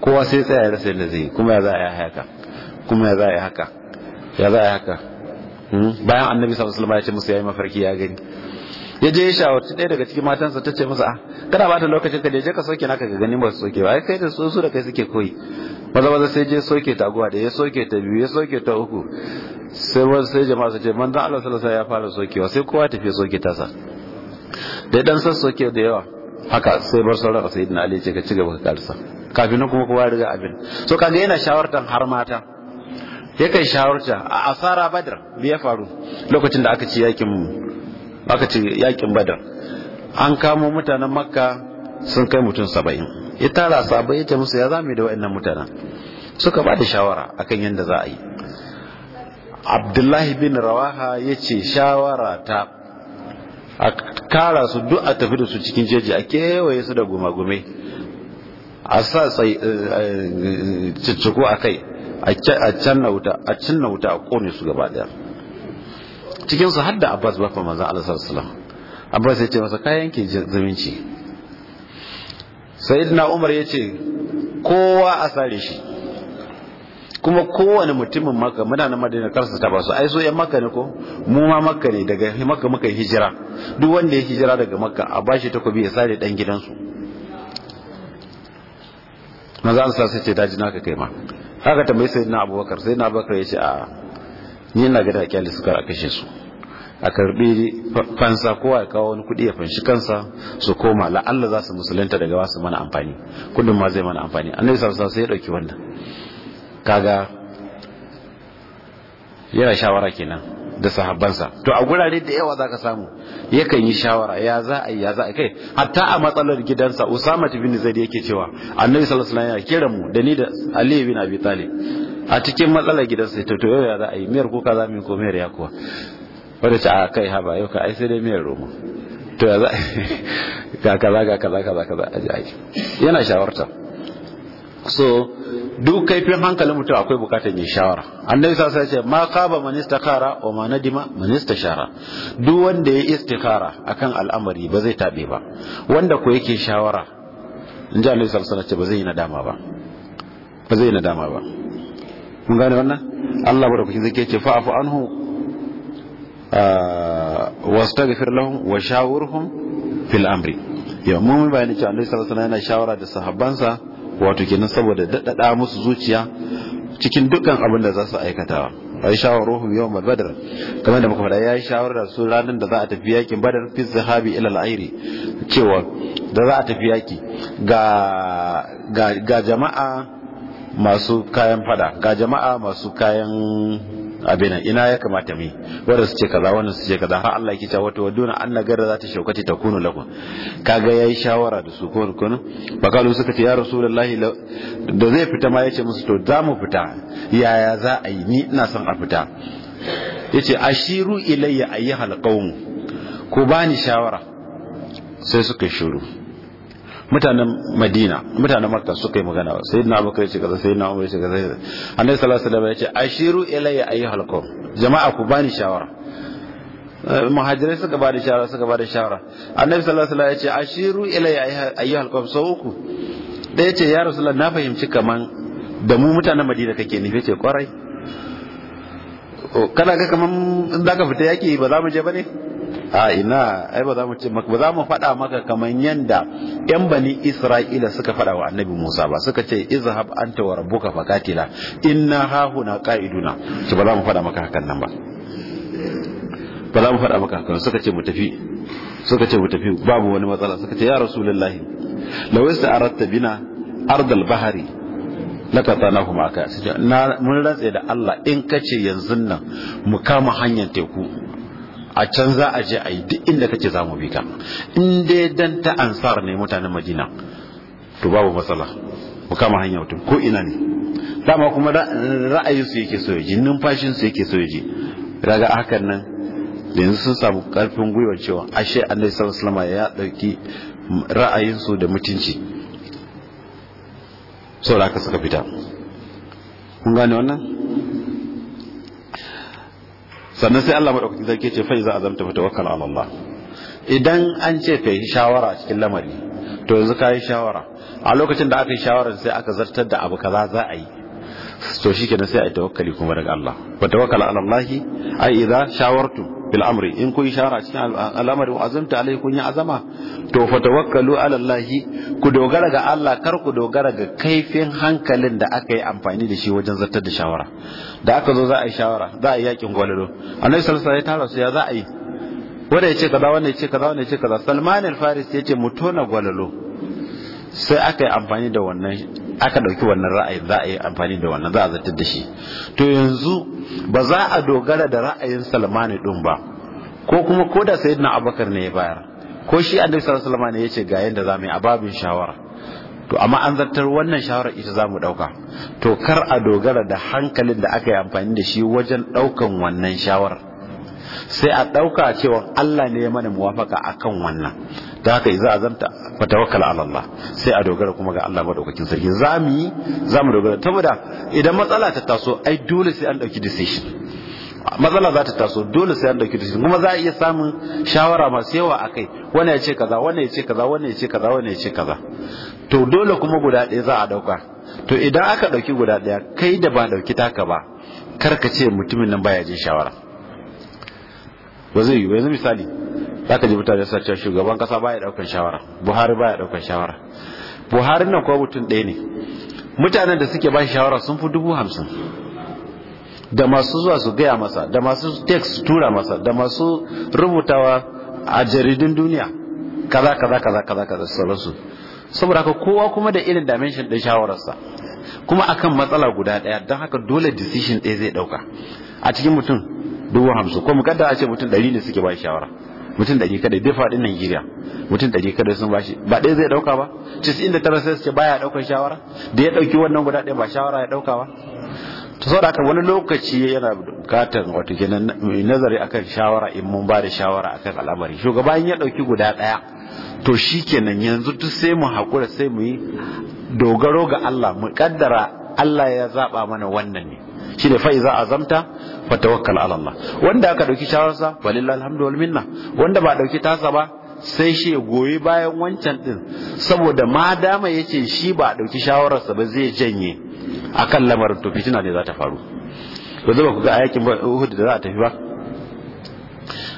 kowa sai tsaya ya rasa yadda zai kuma ya za a yi haka kuma ya za a yi haka bayan annabi sallallahu alaihi wasallam ya ce musu yayi mafarki ya gani ya je ya shawarci ɗaya daga cikin matansa ta ce masa a ah, kada ba ta lokacin ka je ka soke naka ga ganin ba su soke ba kai da su su da kai suke koyi maza maza sai je soke ta guwa da ya soke ta biyu ya soke ta uku sai wasu sai jama'a su ce manzon Allah sallallahu alaihi ya fara sokewa sai kowa tafi soke ta sa da dan soke da yawa haka sai bar sauran sayyidina Ali ce ka ci gaba ka karsa kafin kuma kowa riga abin so kaga yana shawartan har mata yakan shawarta a asara badar da ya faru lokacin da aka ci yakin badar an kamo mutanen makka sun kai mutum saba'in ya tara sabai ya ce musu ya zame da wa'annan mutanen suka ba da shawara akan yadda za a yi abdullahi bin rawaha ya ce shawara ta a kara su duk a tafi da su cikin jeji a kewaye su da gumagume a sa eh, eh, eh, cicciko a kai a can na wuta a can na wuta a kone su gaba daya cikin su hadda abbas bafa manzon Allah sallallahu alaihi abbas ya ce masa kayan ke zumunci sayyidina umar ya ce kowa a sare shi kuma kowane mutumin maka muna na madina karsa ta basu ai so yan maka ne ko mu ma maka ne daga maka muka hijira duk wanda ya hijira daga maka a bashi takobi ya sare dan gidansu maza an sa sai ce daji naka kai ma haka tambayi sai na abubakar sai na abubakar ya ce a ni na gada kyali suka a kashe su a karbi fansa kowa ya kawo wani kudi ya fanshi kansa su koma la'alla za su musulunta daga wasu mana amfani kudin ma zai mana amfani annabi sarsa sai ya ɗauki wannan kaga yana shawara kenan da sahabbansa to a gurare da yawa zaka samu yakan yi shawara ya za a ya za a kai hatta a matsalar gidansa Usama bin Zaid yake cewa Annabi sallallahu alaihi wasallam ya kira mu da ni da Ali bin Abi Talib a cikin matsalar gidansa to to ya za a yi miyar kuka za mu ko miyar ya kuwa wanda ta a kai haba yau ka ai sai dai miyar roma to ya za ka (laughs) kaza ka kaza ka kaza a ji yana shawarta so duk kaifin hankalin mutum akwai bukatar yin shawara annabi sa sai ce ma qaba man istakhara wa ma nadima man istashara duk wanda ya istikhara akan al'amari ba zai tabe ba wanda ko yake shawara in ji annabi sallallahu alaihi wasallam ba zai yi nadama ba ba zai yi nadama ba kun gane wannan Allah bada kuke zake ce fa'afu anhu ah, wastaghfir lahum wa shawurhum fil amri yau mun bayani cewa annabi sallallahu alaihi wasallam yana shawara da sahabbansa wato kenan saboda daɗaɗa musu zuciya cikin dukkan abin da za su aikata ai shawaruhum yawm badr kamar da muka faɗa yi shawarar su ranar da za a tafi yakin badar fi zahabi ila al-airi cewa da za a tafi yaki ga ga ga jama'a masu kayan fada ga jama'a masu kayan abin ina ya kamata mi wanda su ce kaza wadda su ce kaza har Allah yake cewa wato waduna an da za ta shaukati ta kunu lakum kaga yayi shawara da su kunu kun bakalu suka ce ya rasu da zai fita ma ya yace musu to za mu fita yaya za a yi ni ina son a fita yace ashiru ilayya ayyuhal qawm ku bani shawara sai suka shiru mutanen madina mutanen makka suka yi magana sai na bakar ce kaza sai na umar ce sai annabi sallallahu alaihi wasallam ya ce ashiru ilayya ayi qawm jama'a ku bani shawara eh, muhajirai suka bada shawara suka bada shawara annabi sallallahu alaihi wasallam ya ce ashiru ilayya ayi qawm sau uku da ya ce ya rasulullah na fahimci kaman da mu mutanen madina kake nufi ce kwarai oh, kana ga kaman ka fita yaki ba za mu je ba ne a ina ai ba za mu ce ba za mu faɗa maka kaman yanda yan bani isra'ila suka faɗa wa annabi musa ba suka ce izhab anta wa rabbuka fakatila inna hahuna qa'iduna to ba za mu faɗa maka hakan nan ba ba za mu faɗa maka hakan suka ce mu tafi suka ce mu tafi babu wani matsala suka ce ya rasulullahi law ista'aratta bina ardal bahari lakatanahum aka mun rantsa da Allah in kace yanzu nan mu kama hanyar teku a can za a je a yi duk inda kake za mu bi ka in dai dan ta ansar ne mutanen madina to babu matsala mu kama hanya mutum ko ina ne dama kuma ra'ayin su yake so ji numfashin su yake so ji daga hakan nan da yanzu sun samu karfin gwiwa cewa ashe annabi sallallahu alaihi ya dauki ra'ayin su da mutunci saboda aka suka fita kun gane wannan sannan sai Allah madaukakin sarki ce fa iza azamta fa tawakkal ala Allah idan an ce kai shawara a cikin lamari to yanzu kai shawara a lokacin da aka yi shawarar sai aka zartar da abu kaza za a yi to shikenan sai a tawakkali kuma daga Allah wa tawakkala ala Allah ai idza shawartu bil amri in ku ishara cikin al'amari wa azamta alai kun yi azama to fa tawakkalu ala Allah ku dogara ga Allah kar ku dogara ga kaifin hankalin da aka yi amfani da shi wajen zartar da shawara da aka zo za a yi shawara za a yi yakin gwalalo annabi sallallahu alaihi wasallam ya ya za a yi wanda ya ce kaza wanda ya ce kaza wanda ya ce kaza Salman al-Faris ya ce mu tona gwalalo sai aka yi amfani da wannan aka ɗauki wannan ra'ayin za a yi amfani da wannan za a zartar da shi to yanzu ba za a dogara da ra'ayin salmani ɗin ba ko kuma ko da sayidina abubakar ne ya bayar ko shi annabi sallallahu alaihi wasallam ne ya ce ga yanda za mu yi a babin shawara to amma an zartar wannan shawarar ita za mu ɗauka to kar a dogara da hankalin da aka yi amfani da shi wajen ɗaukan wannan shawarar sai a ɗauka cewa Allah ne ya mana muwafaka akan wannan da haka za a zanta fa tawakkal ala Allah sai a dogara kuma ga Allah maɗaukakin sarki zamu yi zamu dogara saboda idan matsala ta taso ai dole sai an dauki decision matsala za ta taso dole sai an dauki decision kuma za a iya samun shawara masu yawa akai wani ya ce kaza wani ya ce kaza wani ya ce kaza wani ya ce kaza to dole kuma guda ɗaya za a dauka to idan aka dauki guda ɗaya kai da ba dauki taka ba kar ka ce mutumin nan baya jin shawara ba zai yi ba yanzu misali za ka ji mutane sa can shugaban kasa baya daukan shawara buhari baya daukan shawara buhari nan kuwa mutum ɗaya ne mutanen da suke ba shi shawara sun fi dubu hamsin da masu zuwa su gaya masa da masu su tura masa da masu rubutawa a jaridun duniya kaza kaza kaza kaza kaza sauransu saboda haka kowa kuma da irin dimension din shawararsa kuma akan matsala guda daya don haka dole decision ɗaya zai ɗauka a cikin mutum dubu hamsin ko mukaddara a ce mutum ɗari ne suke ba shawara mutum ɗari kada duk faɗin Najeriya mutum ɗari kada sun bashi ba ɗaya zai ɗauka ba cisin da tara sai su ce baya ɗaukar shawara da ya ɗauki wannan guda ɗaya ba shawara ya ɗauka ba to saboda haka wani lokaci yana bukatar wato kenan nazari akan shawara in mun ba da shawara akan al'amari shugaban ya ɗauki guda ɗaya to shi kenan yanzu duk sai mu haƙura sai mu yi dogaro ga Allah mu kaddara Allah ya zaɓa mana wannan ne shine fa iza azamta fatawakkal ala Allah wanda aka dauki shawararsa walillahi alhamdu minna wanda ba dauki tasa ba sai shi goyi bayan wancan din saboda ma dama yace shi ba dauki shawararsa ba zai janye akan lamarin to fitina ne za ta faru yanzu ba ku ga ayakin Uhud da za a tafi ba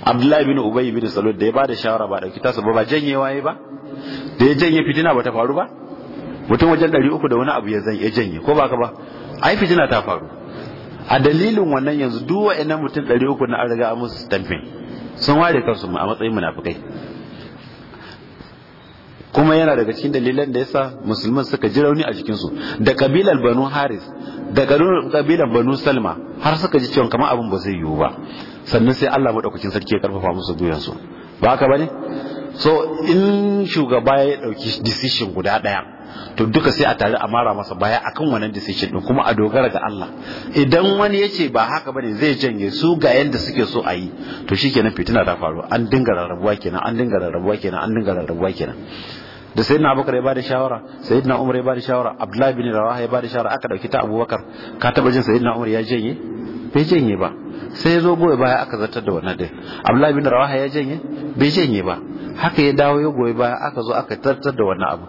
Abdullahi bin Ubay bin Salul da ya bada shawara ba dauki tasa ba ba janyewa yayi ba da ya janye fitina ba ta faru ba mutum wajen 300 da wani abu ya janye ko ba ka ba ai fitina ta faru a dalilin wannan yanzu duk wa'annan mutum ɗari uku na an riga an musu stamping sun ware kansu a matsayin munafukai kuma yana daga cikin dalilan da yasa musulman suka ji rauni a su da kabilar banu haris da kabilar banu salma har suka ji cewa kamar abin ba zai yiwu ba sannan sai allah madaukakin sarki ya karfafa musu su ba haka ba ne so in shugaba ya ɗauki decision guda ɗaya to duka sai a tare a mara masa baya akan wannan decision din kuma a dogara ga Allah idan wani ya ce ba haka bane zai janye su ga yanda suke so a yi to shikenan fitina ta faru an dinga rarrabuwa kenan an dinga rarrabuwa kenan an dinga rarrabuwa kenan da sayyidina abubakar ya bada shawara sayyidina umar ya bada shawara abdullahi bin rawaha ya bada shawara aka dauki ta abubakar ka taba jin sayyidina umar ya janye bai janye ba sai ya zo goyi baya aka zartar da wannan din abdullahi bin rawaha ya janye bai janye ba haka ya dawo ya goyi baya aka zo aka tartar da wannan abu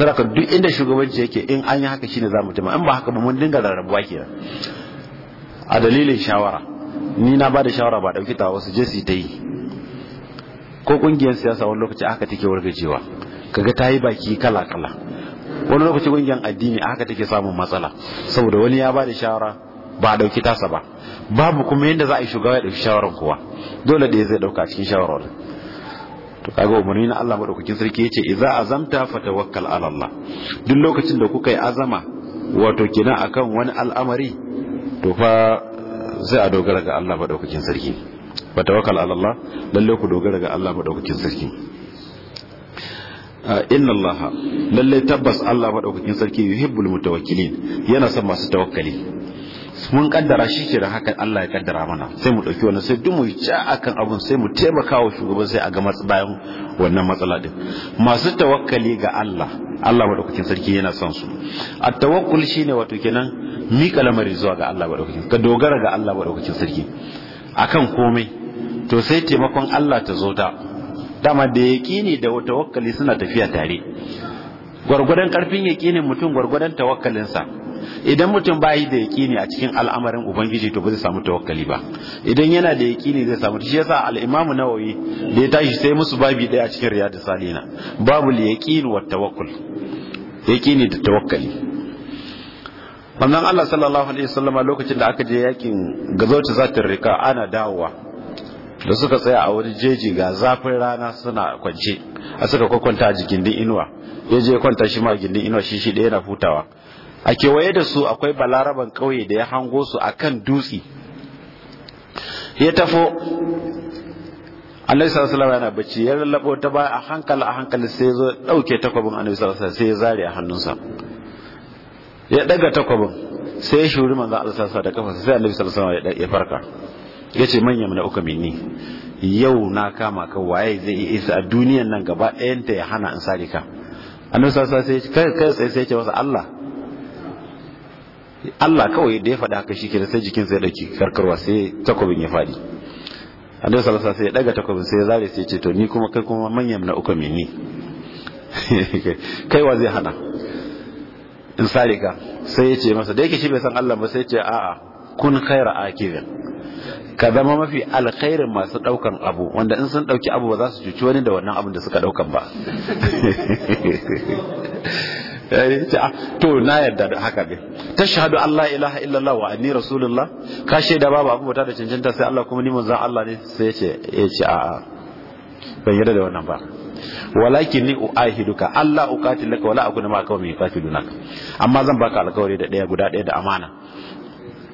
saboda duk inda shugabanci yake in an yi haka shine zamu tuma in ba haka ba mun dinga rarrabuwa kenan a dalilin shawara ni na bada shawara ba dauki ta wasu jesi ta yi ko kungiyar siyasa wani lokaci haka take wargajewa kaga ta yi baki kala kala wani lokaci kungiyar addini haka take samun matsala saboda wani ya bada shawara ba a ɗauki tasa ba babu kuma yadda za a yi shugaba ya ɗauki shawarar kowa dole da ya zai ɗauka cikin shawarar to kaga umarni na Allah madaukakin sarki yace idza azamta fatawakkal ala Allah duk lokacin da kuka yi azama wato kina akan wani al'amari to fa sai a dogara ga Allah madaukakin sarki fatawakkal ala Allah lalle ku dogara ga Allah madaukakin sarki ah, inna Allah lalle tabbas Allah madaukakin sarki yuhibbul mutawakkilin yana son masu tawakkali mun kaddara shi ke da haka Allah ya kaddara mana sai mu ɗauki wannan sai duk mu yi ja akan abun sai mu taimaka wa shugaban sai a ga bayan wannan matsala din masu tawakkali ga Allah Allah madaukakin sarki yana son su at tawakkul shine wato kenan mika lamari zuwa ga Allah madaukakin ka dogara ga Allah madaukakin sarki akan komai to sai taimakon Allah ta zo ta dama da yaƙini da tawakkali suna tafiya tare gwargwadon karfin yaƙinin mutum gwargwadon tawakkalinsa idan mutum bayi da yaqini a cikin al'amarin ubangiji to ba zai samu tawakkali ba idan yana da yaqini zai samu shi yasa al-imam nawawi da ya tashi sai musu babi daya a cikin riyadu salina babu yaqini wa tawakkul yaqini da tawakkali wannan Allah sallallahu alaihi wasallam lokacin da aka je yakin gazauta zatin rika ana dawowa da suka tsaya a wani jeji ga zafin rana suna kwance a suka kwakwanta a jikin inuwa ya je kwanta shi ma din inuwa shi shi da yana hutawa a kewaye da su akwai balaraban ƙauye da ya hango su a kan dutse ya tafo annabi sallallahu alaihi yana bacci ya lallabo ta baya a hankali a hankali sai ya zo dauke takwabin annabi sallallahu alaihi sai ya zare a hannunsa ya daga takwabin sai ya shuri manzo Allah sallallahu da kafa sai annabi sallallahu alaihi ya farka ya ce manya mana uka mini yau na kama ka waye zai iya isa a duniyan nan gaba ɗayanta ya hana in sare ka annabi sallallahu alaihi sai ya ce Allah Allah kawai da ya faɗa haka shi kenan sai jikin sai ɗauki karkarwa sai takobin ya faɗi annabi sallallahu salasa sai ya daga takobin sai ya zare sai ya ce to ni kuma kai kuma manyan na uku ne (laughs) kai wa zai hana in sare ka sai ya ce masa da yake shi bai san Allah ba sai ya ce a'a kun khaira akibin ka zama mafi alkhairin masu daukan abu wanda in sun dauki abu ba za su cuci wani da wannan abin da suka daukan ba (laughs) Eh, ah, to na yarda da haka dai shahadu Allah ilaha illallah wa anni rasulullah ka shaida babu abu bata da cancanta sai Allah kuma ni manzon Allah ne sai ya ce ya ce a'a ban yarda da wannan ba walakin ni uahiduka Allah uqatilaka wala akuna ma kawmi yuqatilunaka amma zan baka alƙawari da daya guda daya da amana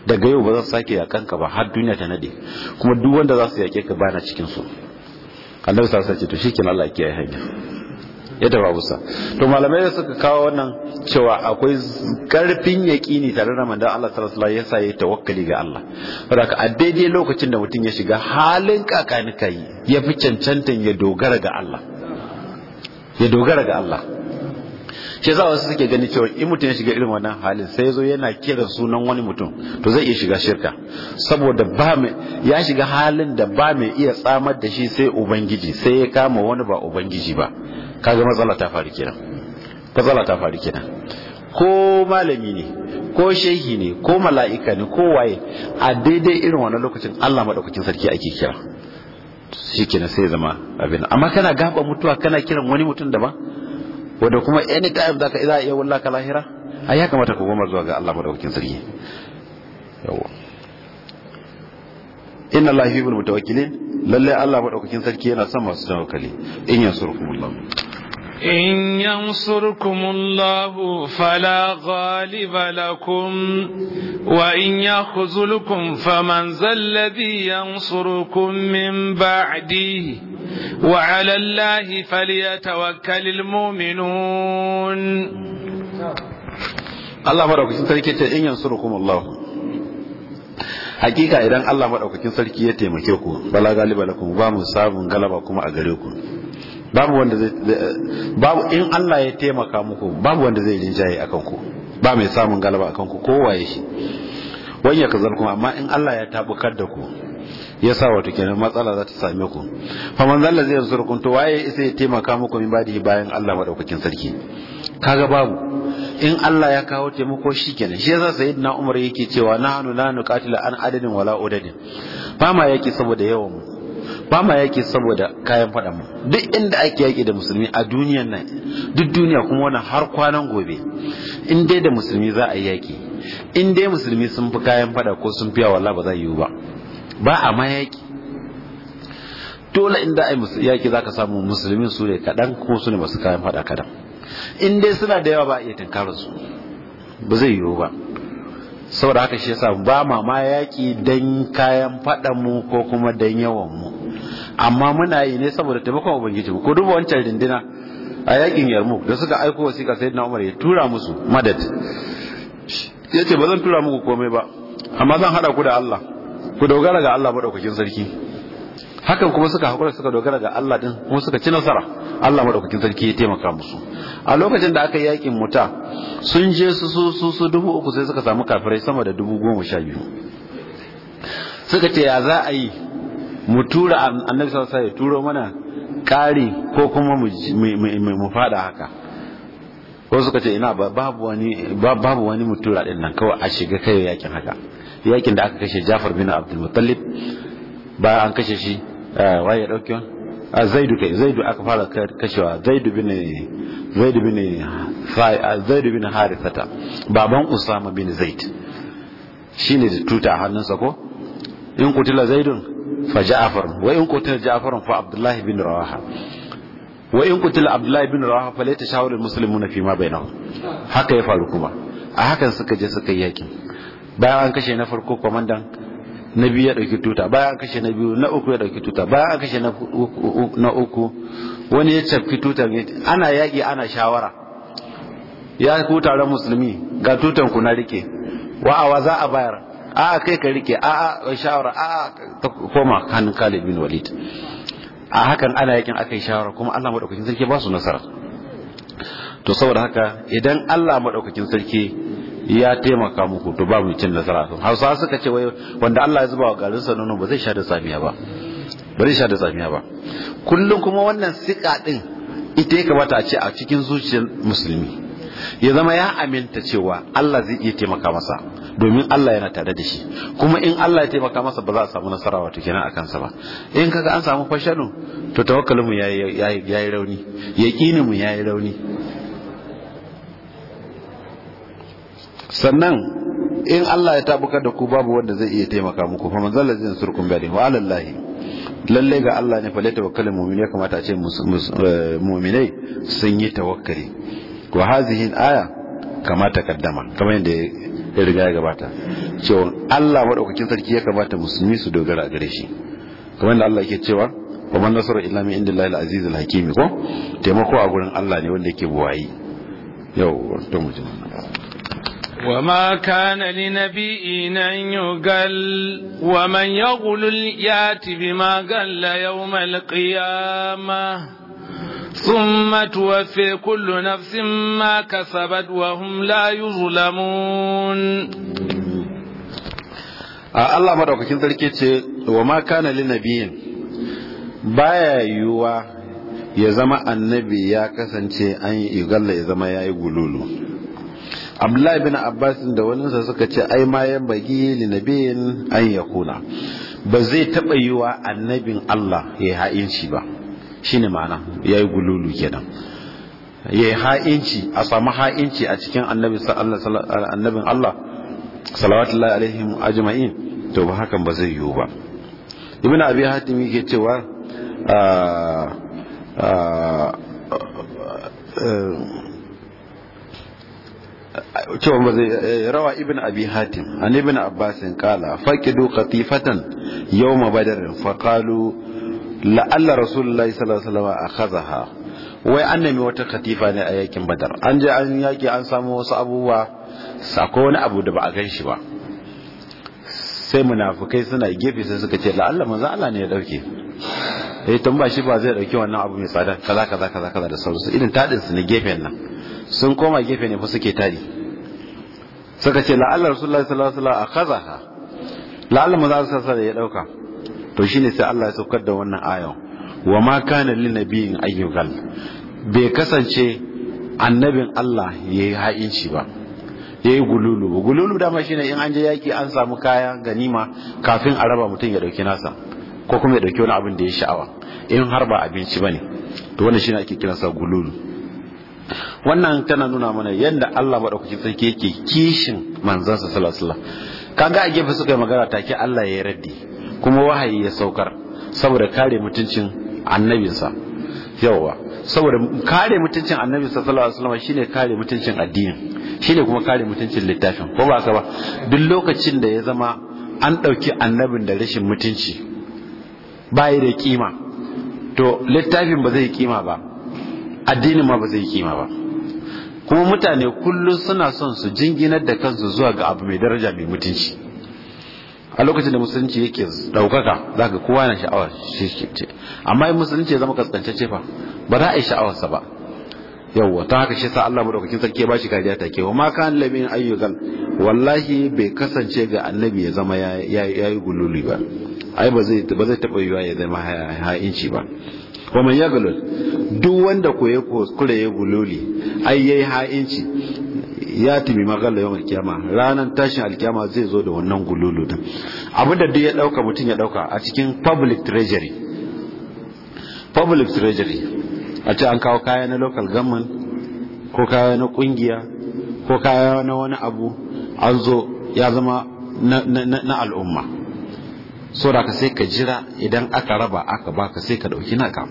daga yau ba zan sake yakan ka ba har duniya ta nade kuma duk wanda za su yake ka bana cikin su Allah ya sa ce to shikenan Allah ya kiyaye hanya ya tafi abusa to malamai da suka kawo wannan cewa akwai karfin yaƙini tare da manzon Allah sallallahu alaihi wasallam ya tawakkali ga Allah saboda a daidai lokacin da mutum ya shiga halin kakanika yi ya fi cancantan ya dogara ga Allah ya dogara ga Allah shi yasa wasu suke gani cewa in mutum ya shiga irin wannan halin sai zo yana kira sunan wani mutum to zai iya shiga shirka saboda ba mai ya shiga halin da ba mai iya tsamar da shi sai ubangiji sai ya kama wani ba ubangiji ba kaga matsala ta faru kenan matsala ta faru kenan ko malami ne ko shehi ne ko mala'ika ne ko waye a daidai irin wannan lokacin Allah madaukakin sarki ake kira shikenan sai zama abin amma kana gaba mutuwa kana kiran wani mutum daban wanda kuma any time zaka iya wallaka lahira ai ya kamata ku goma zuwa ga Allah madaukakin sarki yawa inna lahi bil mutawakkilin lalle Allah madaukakin sarki yana son masu tawakkali in yansurkumullah in yansurkumullahu fala ghaliba lakum wa in yakhzulukum faman zalladhi yansurukum min ba'di wa 'ala allahi falyatawakkalul mu'minun Allah madaukakin sarki ce in yansurkumullahu hakika idan Allah madaukakin sarki ya taimake ku bala galiba kuma ba mu samun galaba kuma a gare ku babu wanda zai babu in Allah ya taimaka muku babu wanda zai rinjaye akan ku ba mai samun galaba akan ku kowa ya shi wani ya kazar kuma amma in Allah ya tabukar da ku ya sa wato kenan matsala za ta same ku fa man zalla zai zurkunto waye sai ya taimaka muku min badi bayan Allah madaukakin sarki kaga babu in Allah ya kawo taimako shikenan shi yasa sayyidina Umar yake cewa na hannu katila an adadin wala udadin ba ma yaki saboda yawan mu ba ma yaki saboda kayan faɗan mu duk inda ake yaki da musulmi a duniyar nan duk duniya kuma wannan har kwanan gobe in dai da musulmi za a yi yaki in dai musulmi sun fi kayan faɗa ko sun fiya wallahi ba za yiwu ba ba a ma yaki dole inda ai yaki zaka samu musulmin su ne kaɗan ko su ne masu kayan faɗa kaɗan in dai suna da yawa ba a iya tunkarar su ba zai yiwu ba saboda haka shi yasa ba ma ma yaƙi don kayan mu ko kuma don yawanmu amma muna yi ne saboda taimakon ubangiji ko duba wancan rindina a yaƙin yarmu da suka aiko wasiƙa sai na umar ya tura musu madad ya ce ba zan tura muku komai ba amma zan haɗa ku da allah ku dogara ga allah maɗaukakin sarki hakan kuma suka haƙura suka dogara ga Allah din kuma suka ci nasara Allah madaukakin sarki ya taimaka musu a lokacin da aka yakin muta sun je su su su su dubu uku sai suka samu kafirai sama da dubu goma sha biyu suka ce ya za a yi mu tura annabi sallallahu alaihi turo mana kari ko kuma mu fada haka ko suka ce ina babu wani babu wani mu din nan kawai a shiga kai yakin haka yakin da aka kashe Jafar bin Abdul Muttalib ba an kashe shi Eh, waye dauke won a ah, zaidu kai zaidu aka fara kashewa zaidu bin zaidu bin ah, zaidu bin harithata baban usama bin zaid shine da tuta sa ko in kutila zaidun fa ja'far wa in kutila ja'far fa abdullahi bin rawaha wa in kutila abdullahi bin rawaha fa laita shawarul muslimuna fi ma bainahum haka ya faru kuma a hakan suka je suka yi yakin bayan an kashe na farko komandan na biyu ya ɗauki tuta bayan an kashe na biyu na uku ya ɗauki tuta bayan an kashe na uku wani ya cafki tuta ana yaƙi ana shawara ya ku taron musulmi ga tutan ku na rike wa'awa za a bayar a kai ka rike a a shawara a ta koma hannun kalib bin Walid a hakan ana yakin aka yi shawara kuma Allah madaukakin sarki ba su nasara to saboda haka idan Allah madaukakin sarki ya taimaka muku to ba mu cin nasara kan hausa suka ce wai wanda Allah ya zuba wa garin sa nono ba zai sha da tsamiya ba ba zai sha da tsamiya ba kullum kuma wannan sika din ita ya kamata a ce a cikin zuciyar musulmi ya zama ya aminta cewa Allah zai iya taimaka masa domin Allah yana tare da shi kuma in Allah ya taimaka masa ba za a samu nasara wato kenan a kansa ba in kaga an samu fashanu to tawakkalin mu yayi yayi rauni yaƙinin mu yayi rauni sannan in Allah ya tabukar da ku babu wanda zai iya taimaka muku fa man zalla zai surkum bari wa alallahi lalle ga Allah ne fa lai tawakkalul mu'min ya kamata a ce eh, mu'minai sun yi tawakkali wa hazihi aya kama takaddama kamar yadda ya riga ya gabata cewa Allah madaukakin sarki ya kamata musulmi su dogara a gare shi kamar yadda Allah yake cewa wa man nasara illa min indillahi al-aziz al-hakim ko taimako a gurin Allah ne wanda yake buwayi yau to mutum وما كان لنبي أن يقل ومن يغل يات بما قل يوم القيامة ثم توفي كل نفس ما كسبت وهم لا يظلمون Allah madaukakin sarki ce wa ma kana linabiyin baya yiwuwa ya zama annabi ya kasance an yi igalla ya zama ya yi gululu abdullahi bin abbas da waninsa suka ce ai ma yan bagi linabiyin an ya kuna ba zai taɓa yi wa annabin allah ya yi ha'inci ba shine ma'ana ya yi gululu kenan ya yi ha'inci a samu ha'inci a cikin annabin allah salawatullahi alaihi ajma'in to ba hakan ba zai yiwu ba ibn abi hatim yake cewa ah, ah, eh, cewa ba zai eh, rawa ibn abi hatim an ibn abbas kala faqidu qatifatan yawma badr fa qalu alla rasulullahi sallallahu alaihi wasallam akhadhaha wai an nemi wata katifa ne a yakin badar an je an yaki an samu wasu abubuwa sako wani abu da ba a gan shi ba sai munafukai suna gefe sai suka ce la'alla manzo Allah ne ya dauke eh tamba shi ba zai dauki wannan abu mai tsada kaza kaza kaza kaza da sauransu irin tadin su ne gefen nan sun koma gefe ne fa suke tari suka ce la'allar rasulullahi sallallahu alaihi wasallam akhazaha la'allar manzo sallallahu alaihi wasallam ya dauka to shine sai Allah ya saukar da wannan ayon wa ma kana lin nabiyyin ayyugal bai kasance annabin Allah yayi ha'inci ba yayi gululu gululu dama shine in an je yaki an samu kaya, ganima kafin a raba mutum ya dauki nasa ko kuma ya dauki wani abin da ya sha'awa in har ba abinci bane to wannan shine ake kiransa gululu wannan tana nuna mana yadda Allah madaukakin sarki yake kishin manzansa sallallahu alaihi wasallam kaga a gefe suka yi magana ta ke Allah ya yi raddi kuma wahayi ya saukar saboda kare mutuncin annabinsa yawa saboda kare mutuncin annabi sallallahu alaihi wasallam shine kare mutuncin addinin shine kuma kare mutuncin littafin ko ba ka ba duk lokacin da ya zama an ɗauki annabin da rashin mutunci bai da kima to littafin ba zai kima ba addinin ma ba zai kima ba kuma mutane kullum suna son su jinginar da kansu zuwa ga abu mai daraja mai mutunci a lokacin da musulunci yake ɗaukaka za ka kowa na sha'awar shi ce amma in musulunci ya zama kaskantacce fa ba za a yi sha'awarsa ba Yau ta haka shi sa Allah madaukakin sarki ya bashi kariya take wa ma kan labin ayyukan wallahi bai kasance ga annabi ya zama ya yi gululi ba ai ba zai taba yiwa ya zama ha'inci ba wa man duk wanda ko ya ya gululi ai yayi ha'inci ya tibi magalla yawan kiyama ranan tashin alkiyama zai zo da wannan gululu din abinda duk ya dauka mutum ya dauka a cikin public treasury public treasury a ce an kawo kaya na local government ko kaya na kungiya ko kaya na wani abu an zo ya zama na al'umma saboda ka sai ka jira idan aka raba aka baka sai ka dauki naka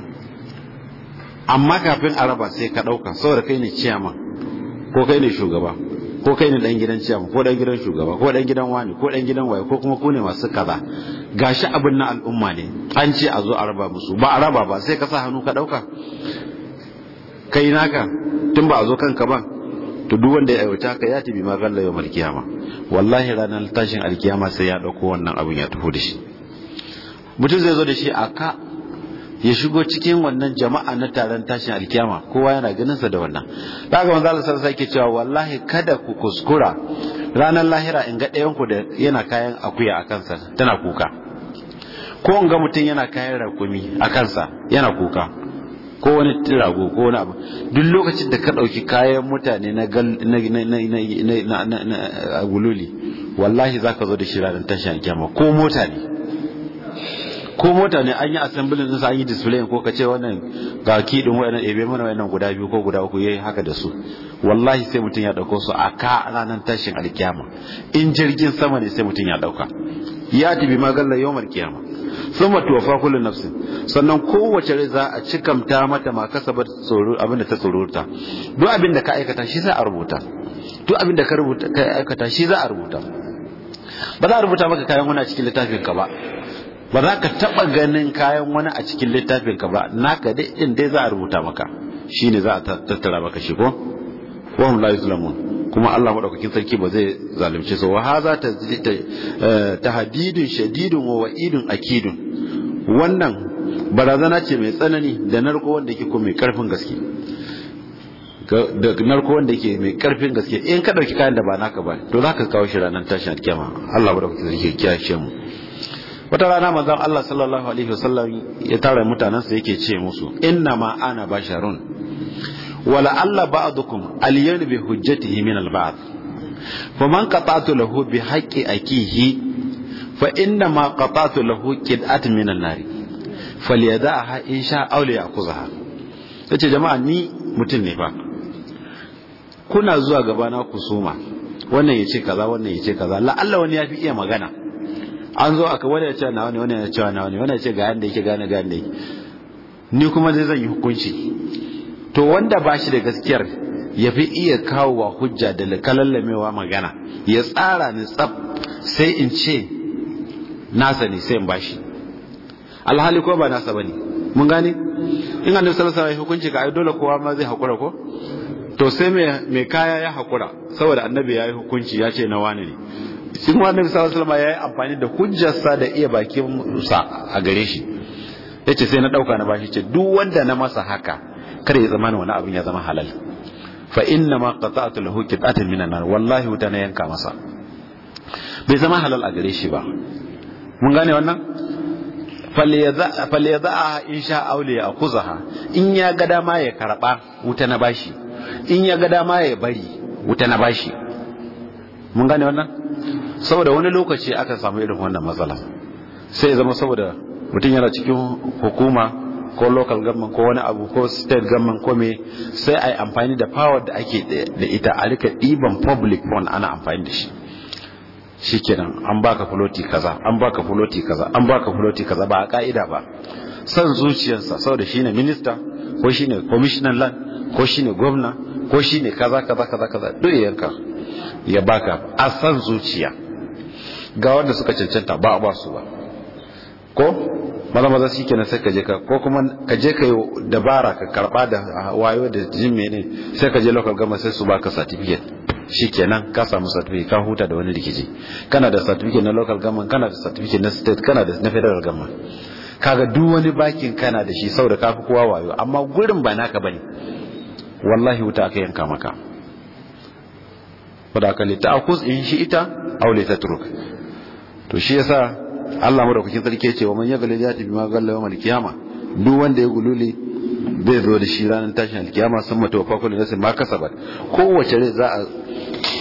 amma kafin a raba sai ka dauka saboda kai ne ciyaman ko kai ne shugaba ko kai ne dan gidan ciyaman ko dan gidan shugaba ko dan gidan wani ko dan gidan waye ko kuma ku ne masu kaza gashi abin na al'umma ne an ce a zo a raba musu ba a raba ba sai ka sa hannu ka dauka kai naka tun ba a zo kanka ba to duk wanda ya aiwata ka ya tibi magalla yau malkiyama wallahi ranar tashin alkiyama sai ya dauko wannan abin ya tafi da shi mutum zai zo da shi a ka ya shigo cikin wannan jama'a na taron tashin alkiyama kowa yana ganin sa da wannan da ga manzo Allah sai yake cewa wallahi kada ku kuskura ranar lahira in ga ɗayan ku da yana kayan akuya a kansa tana kuka ko in ga mutum yana kayan rakumi a kansa yana kuka ko wani tirago ko wani abu duk lokacin da ka ɗauki kayan mutane na na gululi wallahi ka zo da shi ranar tashin alkiyama ko mota ne ko mota ne an yi assembly din sa an yi display ko kace wannan ga ki din wayannan ebe mana wayannan guda biyu ko guda uku yayi haka da su wallahi sai mutun ya dauko su aka ranar tashin alkiyama in jirgin sama ne sai mutun ya dauka ya tibi magalla yawmar kiyama summa tuwafa kullu nafsin sannan kowace rai za a cikamta mata ma kasabar tsoro abinda ta tsorota duk abinda ka aikata shi za a rubuta duk abinda ka rubuta ka aikata shi za a rubuta ba za a rubuta maka kayan wani a cikin littafin ka ba ba za ka taɓa ganin kayan wani a cikin littafinka ba naka dai in dai za a rubuta maka shi ne za a tattara maka shi ko wahum la yuzlamun kuma Allah madaukakin sarki ba zai zalunce su wa haza eh, tahdidun shadidun wa wa'idun akidun wannan barazana ce mai tsanani da narko wanda yake ko mai karfin gaske da narko wanda yake mai karfin gaske in ka dauki kayan da ba naka ba to zaka kawo shi ranar tashin alkiyama Allah madaukakin sarki ya kiyaye mu wata rana manzon Allah sallallahu alaihi wasallam ya tara mutanensa yake ce musu inna ma ana basharun wala alla ba'dukum alyan bi hujjatihi min al ba'd faman qata'tu lahu bi haqqi akihi fa inna ma qata'tu lahu qid'atan min an nari falyada'aha in sha aw liyakuzaha yace jama'a ni mutum ne fa kuna zuwa gabana kusuma wannan yace kaza wannan yace kaza la'alla wani ya fi iya magana an zo aka wani ya ce na wani wani ya ce na wani wani ya ce ga yadda yake gane ga yanda ni kuma zai zan yi hukunci to wanda ba shi da gaskiyar ya fi iya kawo wa hujja da kalallamewa magana ya tsara ni tsab sai in ce nasa ne sai in bashi alhali ko ba nasa ba ne mun gane in annabi sallallahu alaihi hukunci ka ai dole kowa ma zai hakura ko to sai mai kaya ya hakura saboda annabi ya yi hukunci ya ce na wani ne shi kuma annabi sallallahu alaihi wasallam yayi amfani da hujjarsa da iya bakin sa a gare shi yace sai na dauka na bashi ce duk wanda na masa haka kada ya zama wani abin ya zama halal fa inna ma qata'tu lahu qita'atan minan nar wallahi wuta na yanka masa bai zama halal a gare shi ba mun gane wannan falyadha in sha awli ya kuzaha in ya ga dama ya karba wuta na bashi in ya ga dama ya bari wuta na bashi mun gane wannan saboda wani lokaci aka samu irin wannan matsala sai zama saboda mutum yana cikin hukuma ko local government ko wani abu ko state government ko me sai a yi amfani da power da ake da ita a rika ɗiban public fund ana amfani da shi shikenan an baka fuloti kaza an baka fuloti kaza an baka fuloti kaza ba a ka'ida ba san zuciyarsa saboda shine minista ko shine commissioner land ko shine gwamna ko shine kaza kaza kaza kaza duk yanka ya baka a san zuciya ga wanda suka cancanta ba a ba su ba ko maza maza shi kenan sai ka je ka ko kuma ka je ka yi dabara ka karba da wayo da jin mene sai ka je local gama sai su baka certificate shi kenan ka samu certificate ka huta da wani rikici kana da certificate na local government kana da certificate na state kana da na federal government kaga duk wani bakin kana da shi ka fi kowa wayo amma gurin ba naka bane wallahi wuta aka yanka maka Wadakali ta ta'khuz in ita aw ta tatruk to shi yasa Allah kuke sarki ce wa man yagali ya tibi ma galla yawmal kiyama duk wanda ya gululi zai zo da shi ranar tashin alkiyama sun mata wafa kullu nasin ma kasabat kowace rai za a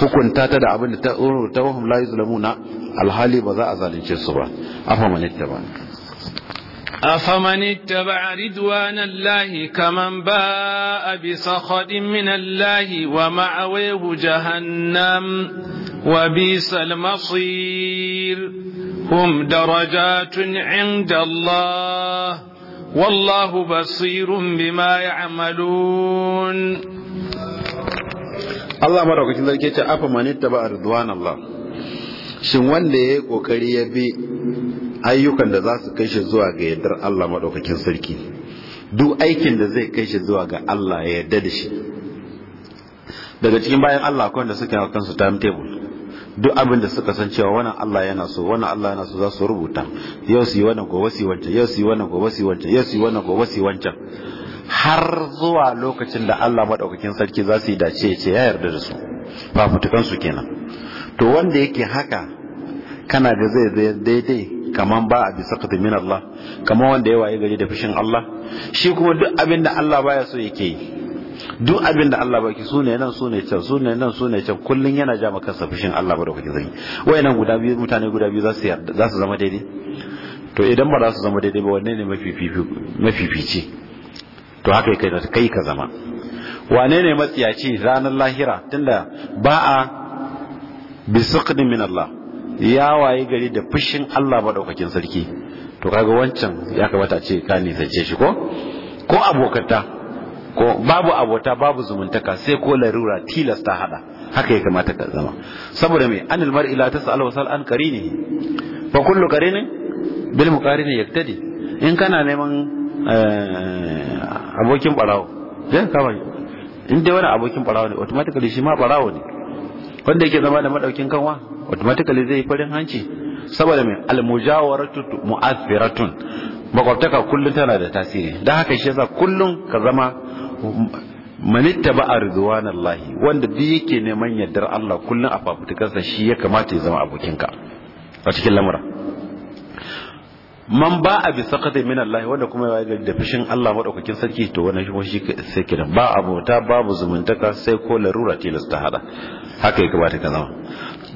hukunta ta da abin da ta tsoro ta wahum la yuzlamuna alhali ba za a zalunce su ba afa man ittaba ridwana اتبع kaman ba abi sakhadin min من wa ma'awayhu jahannam وبئس المصير هم درجات عند الله والله بصير بما يعملون Allah maraukakin zarke ce afa من ba a الله Allah shin wanda ya yi kokari ya bi ayyukan da za su kai shi zuwa ga yardar Allah madaukakin sarki duk aikin da zai kai zuwa ga Allah yarda da shi daga cikin bayan Allah akwai wanda suka su kansu timetable duk abin da suka san cewa wannan Allah yana so wannan Allah yana so za su rubuta yau su yi wannan gobe su wancan yau su yi wannan gobe su wancan yau su yi wannan gobe su wancan har zuwa lokacin da Allah madaukakin sarki za su yi dace ce ya yarda da su ba mutukan su kenan to wanda yake haka kana da zai zai daidai kaman ba a bisa min Allah kaman wanda ya waye gari da fushin Allah shi kuma duk abin da Allah baya so yake yi duk abin da Allah baki su ne nan su ne can su ne nan su ne can kullun yana ja maka kansa fushin Allah madaukaki zai wayannan guda biyu mutane guda biyu za su za su zama daidai to idan ba za su zama daidai ba wanne ne mafifici to haka kai da kai ka zama wane ne matsiyaci ranar lahira tunda ba a bisuqdin min Allah ya waye gari da fushin Allah madaukakin sarki to kaga wancan ya kamata a ce ka zace shi ko ko abokata ko babu abota babu zumuntaka sai ko larura tilas ta hada haka ya kamata ka zama saboda me anil mar ila tas'al wa sal an karini fa kullu karini bil muqarini yaktadi in kana neman eh, abokin barawo zai eh, kama in dai wani abokin barawo ne automatically shi ma barawo ne wanda yake zama da madaukin kanwa automatically zai farin hanci saboda mai mujawaratu mu'athiratun makwabtaka kullum tana da tasiri don haka shi yasa kullum ka zama manitta ba a Allah wanda duk yake neman yardar Allah kullun a fafutukarsa shi ya kamata ya zama abokinka a cikin lamura man ba a bisa kadai min Allah wanda kuma ya da fishin Allah madaukakin sarki to wannan shi shi sai kira ba abota babu zumuntaka sai ko larura tilasta hada haka ya kamata ka zama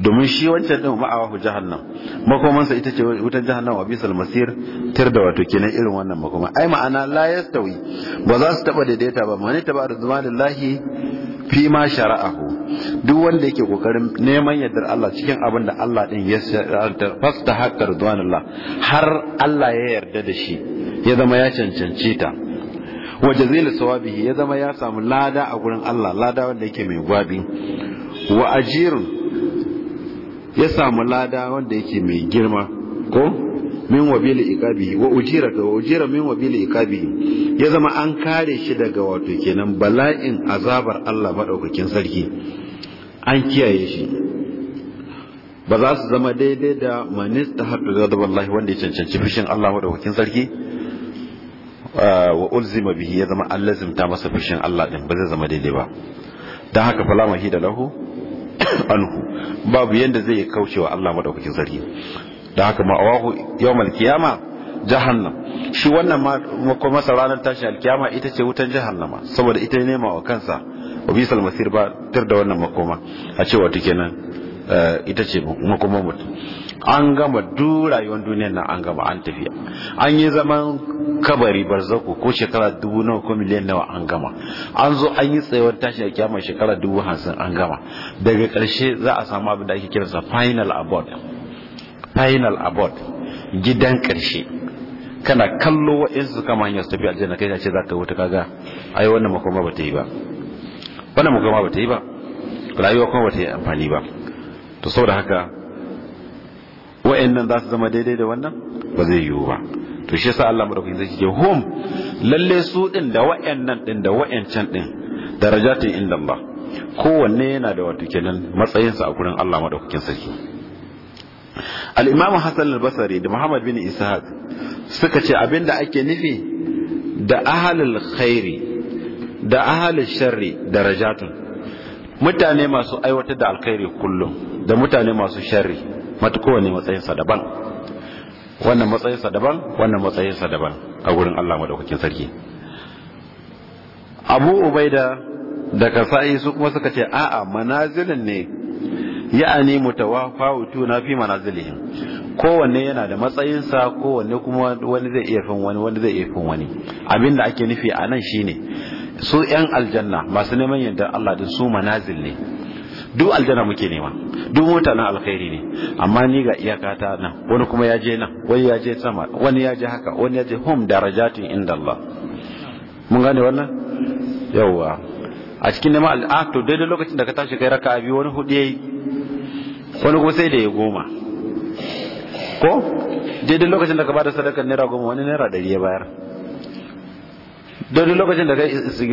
domin shi wancan din ma'awahu jahannam makomansa ita ce wutar jahannam wa bisal masir tir da wato kenan irin wannan makoma ai ma'ana la yastawi ba za su taba daidaita ba mani taba rizmanillahi fi ma shara'ahu duk wanda yake kokarin neman yardar Allah cikin abin da Allah din ya fasta haqqar rizwanillah har Allah ya yarda da shi ya zama ya cancanci ta wa jazil sawabihi ya zama ya samu lada a gurin Allah lada wanda yake mai gwabi wa ajirun ya samu lada wanda yake mai girma ko min wabili ikabi wa ujira ka wa ujira min wabili ikabi ya zama an kare shi daga wato kenan bala'in azabar Allah madaukakin sarki an kiyaye shi ba za su zama daidai da manis da haɗu da wallahi wanda ya cancanci fushin Allah madaukakin sarki wa ulzima bihi ya zama an lazimta masa fushin Allah ɗin ba zai zama daidai ba dan haka fala mahida lahu anhu babu yanda zai kauce wa Allah madaukakin sarki da haka ma awahu yawmal kiyama jahannam shi wannan masa ranar tashin alkiyama ita ce wutan jahannama saboda ita ne nema wa kansa wa bisal masir ba tar da wannan makoma a cewa ta nan. Eh, ita ce makomar mutum an gama duk rayuwar duniyar nan an gama an tafiya an yi zaman kabari barzako ko shekara dubu nawa ko miliyan nawa an gama an zo an yi tsayuwar tashi a kyamar shekara dubu hamsin an gama daga ƙarshe za a samu abin da ake kiransa final abort final abort gidan ƙarshe kana kallo su kama hanyar su tafi aljanna kai ce za ka wuta kaga ai wannan makoma ba ta yi ba wannan makoma ba ta yi ba rayuwa kuma ba ta yi amfani ba to saboda haka wa'annan za su zama daidai da wannan ba zai yiwu ba to shi yasa Allah madaukakin zai ce hum lalle su din da wa'annan din da wa'ancan din darajatin inda ba kowanne yana da wato kenan matsayinsa a gurin Allah madaukakin sarki al imam Hassan al-Basri da Muhammad bin Ishaq suka ce abinda ake nufi da ahalul khairi da ahalul sharri darajatun mutane masu aiwatar da alkhairi kullum da mutane masu sharri mata kowane matsayinsa daban wannan matsayinsa daban wannan matsayinsa daban a wurin Allah madaukakin sarki Abu Ubaida da Kasa'i su kuma suka ce a'a manazilin ne ya'ani wutu na fi manazilihim kowanne yana da matsayinsa kowanne kuma wani zai iya fin wani wani zai iya fin wani abinda ake nufi a nan shine su yan aljanna masu neman yadda Allah din su manazil ne duk aljanna muke nema duk mota na alkhairi ne amma ni ga iyaka ta nan wani kuma ya je nan wani ya je sama wani ya je haka wani ya je hum darajatin inda Allah mun gane wannan yawwa a cikin neman al'ato ah, to daidai lokacin da ka tashi kai raka biyu wani hudu yayi wani kuma sai da ya goma ko daidai lokacin da ka bada sadakar naira goma wani naira ɗari ya bayar don duk lokacin da kai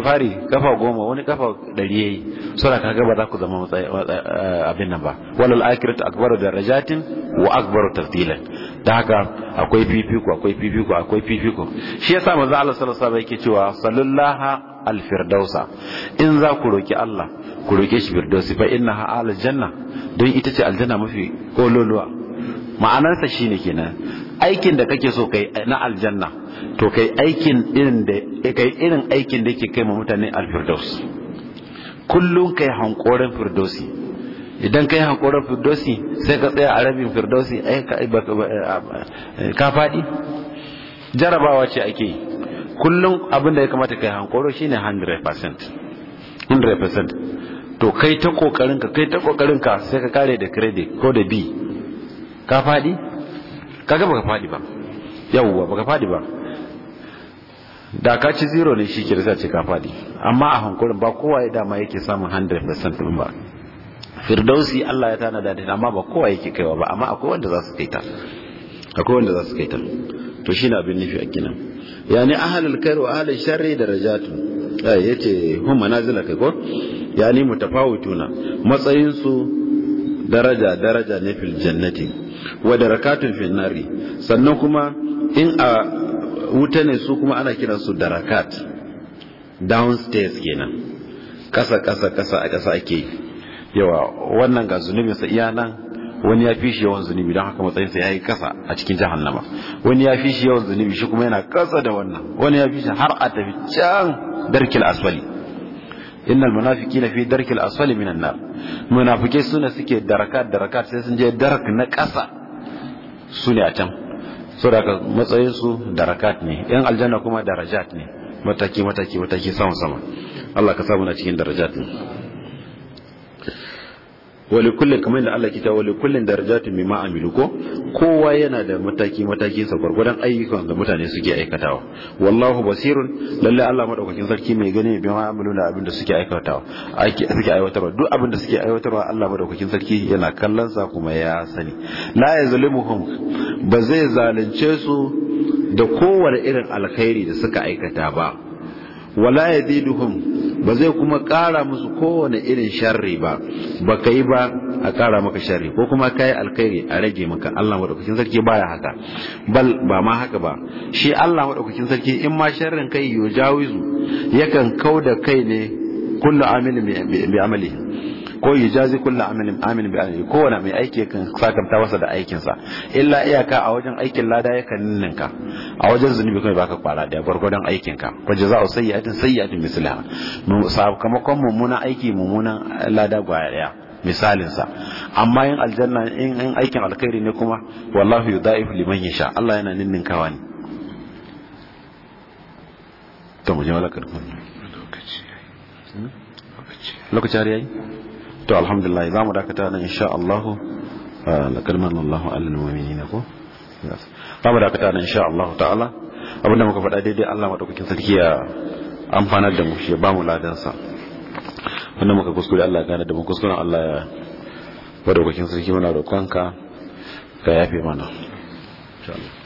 fari kafa goma wani kafa ɗari yayi sura kaga ba za ku zama eh, abin nan ba walal akhiratu akbaru darajatin wa akbaru tafdilan da haka akwai fifiko akwai fifiko akwai fifiko shi yasa manzo Allah sallallahu alaihi wasallam yake cewa sallallahu alfirdausa in za ku roki Allah ku roke shi firdausi fa innaha aljanna don ita ce aljanna mafi kololuwa ma'anarsa shine kenan aikin da kake so kai na aljanna to kai aikin irin da kai irin aikin da yake kai ma mutane alfirdaus kullun kai hankoran firdausi idan kai hankoran firdausi sai ka tsaya a rabin firdausi ai ka eh, faɗi jarabawa ce ake yi kullun abin da ya kamata kai hankoro shine 100% 100% to kai ta kokarin ka kai ta kokarin ka sai ka kare da credit ko da b ka faɗi kaga baka fadi ba yawwa baka fadi ba da ka ci zero ne shi ke da ce ka fadi amma a hankulin ba kowa ya dama yake samun 100% din ba firdausi Allah ya tana da ta amma ba kowa yake kaiwa ba amma akwai wanda za su kai ta akwai wanda za su kai ta to shi na abin nufi a kinan yani ahalul khair wa ahalul sharri darajatu ai yace hum manazila kai ko yani mutafawituna matsayin su daraja daraja ne fil jannati wa darakatun finari sannan kuma in a wuta ne su kuma ana kiran su darakat downstairs kenan kasa kasa kasa a kasa ake yawa wannan ga zunubin sa iya nan wani ya fi shi yawan zunubi don haka matsayin sa yayi kasa a cikin jihar jahannama wani ya fi shi yawan zunubi shi kuma yana kasa da wannan wani ya fi shi har a tafi can darkil asfali innal na fi darkil asfali minan nar munafike suna suke darakat darakat sai sun je darak na kasa su ne a can so da matsayinsu su darakat ne yan aljanna kuma darajat ne mataki mataki mataki sama sama Allah ka samu na cikin darajat ne wali kullum kamar da Allah ke cewa wali kullum darajatun mimma amilu ko kowa yana da mataki mataki sa gwargwadon ayyukan da mutane suke aikatawa wallahu basirun lalle Allah madaukakin sarki mai gani bi ma amilu da abin da suke aikatawa ake suke aiwatarwa duk abin da suke aiwatarwa Allah madaukakin sarki yana kallon sa kuma ya sani la yazlimuhum ba zai zalunce su da kowane irin alkhairi da suka aikata ba wala duhun ba zai kuma ƙara musu kowane irin sharri ba ba ka yi ba a ƙara maka sharri ko kuma ka yi alkhairi a rage maka Allah maɗaukakin sarki baya haka bal ba ma haka ba shi Allah maɗaukakin sarki in ma sharrin kai yo jawizu yakan kau da kai ne kullu amilin bi amali ko yujazi kullu amalin amin bi amali kowane mai aiki kan sakamta wasa da aikin sa illa iyaka a wajen aikin lada ya kan ninka a wajen zunubi kai baka kwara da gwargwadon aikin ka ko jaza'u sayyi'atin sayyi'atin mislaha mu sakamakon mummunan aiki mummunan lada gwaya daya sa amma yin aljanna in aikin alkhairi ne kuma wallahi yudaifu liman yasha Allah yana ninninkawa wani to mu je wala hmm? lokaci har yayi to alhamdulillah za mu dakata nan insha Allah ah, la kalman Allah alal mu'minina ko za mu dakata nan insha Allah ta'ala abinda muka faɗa daidai Allah madaukakin sarki ya amfanar da mu shi ba mu ladansa wannan muka kuskure Allah gane da mu kuskure Allah ya madaukakin sarki muna roƙonka ka yafe mana insha Allah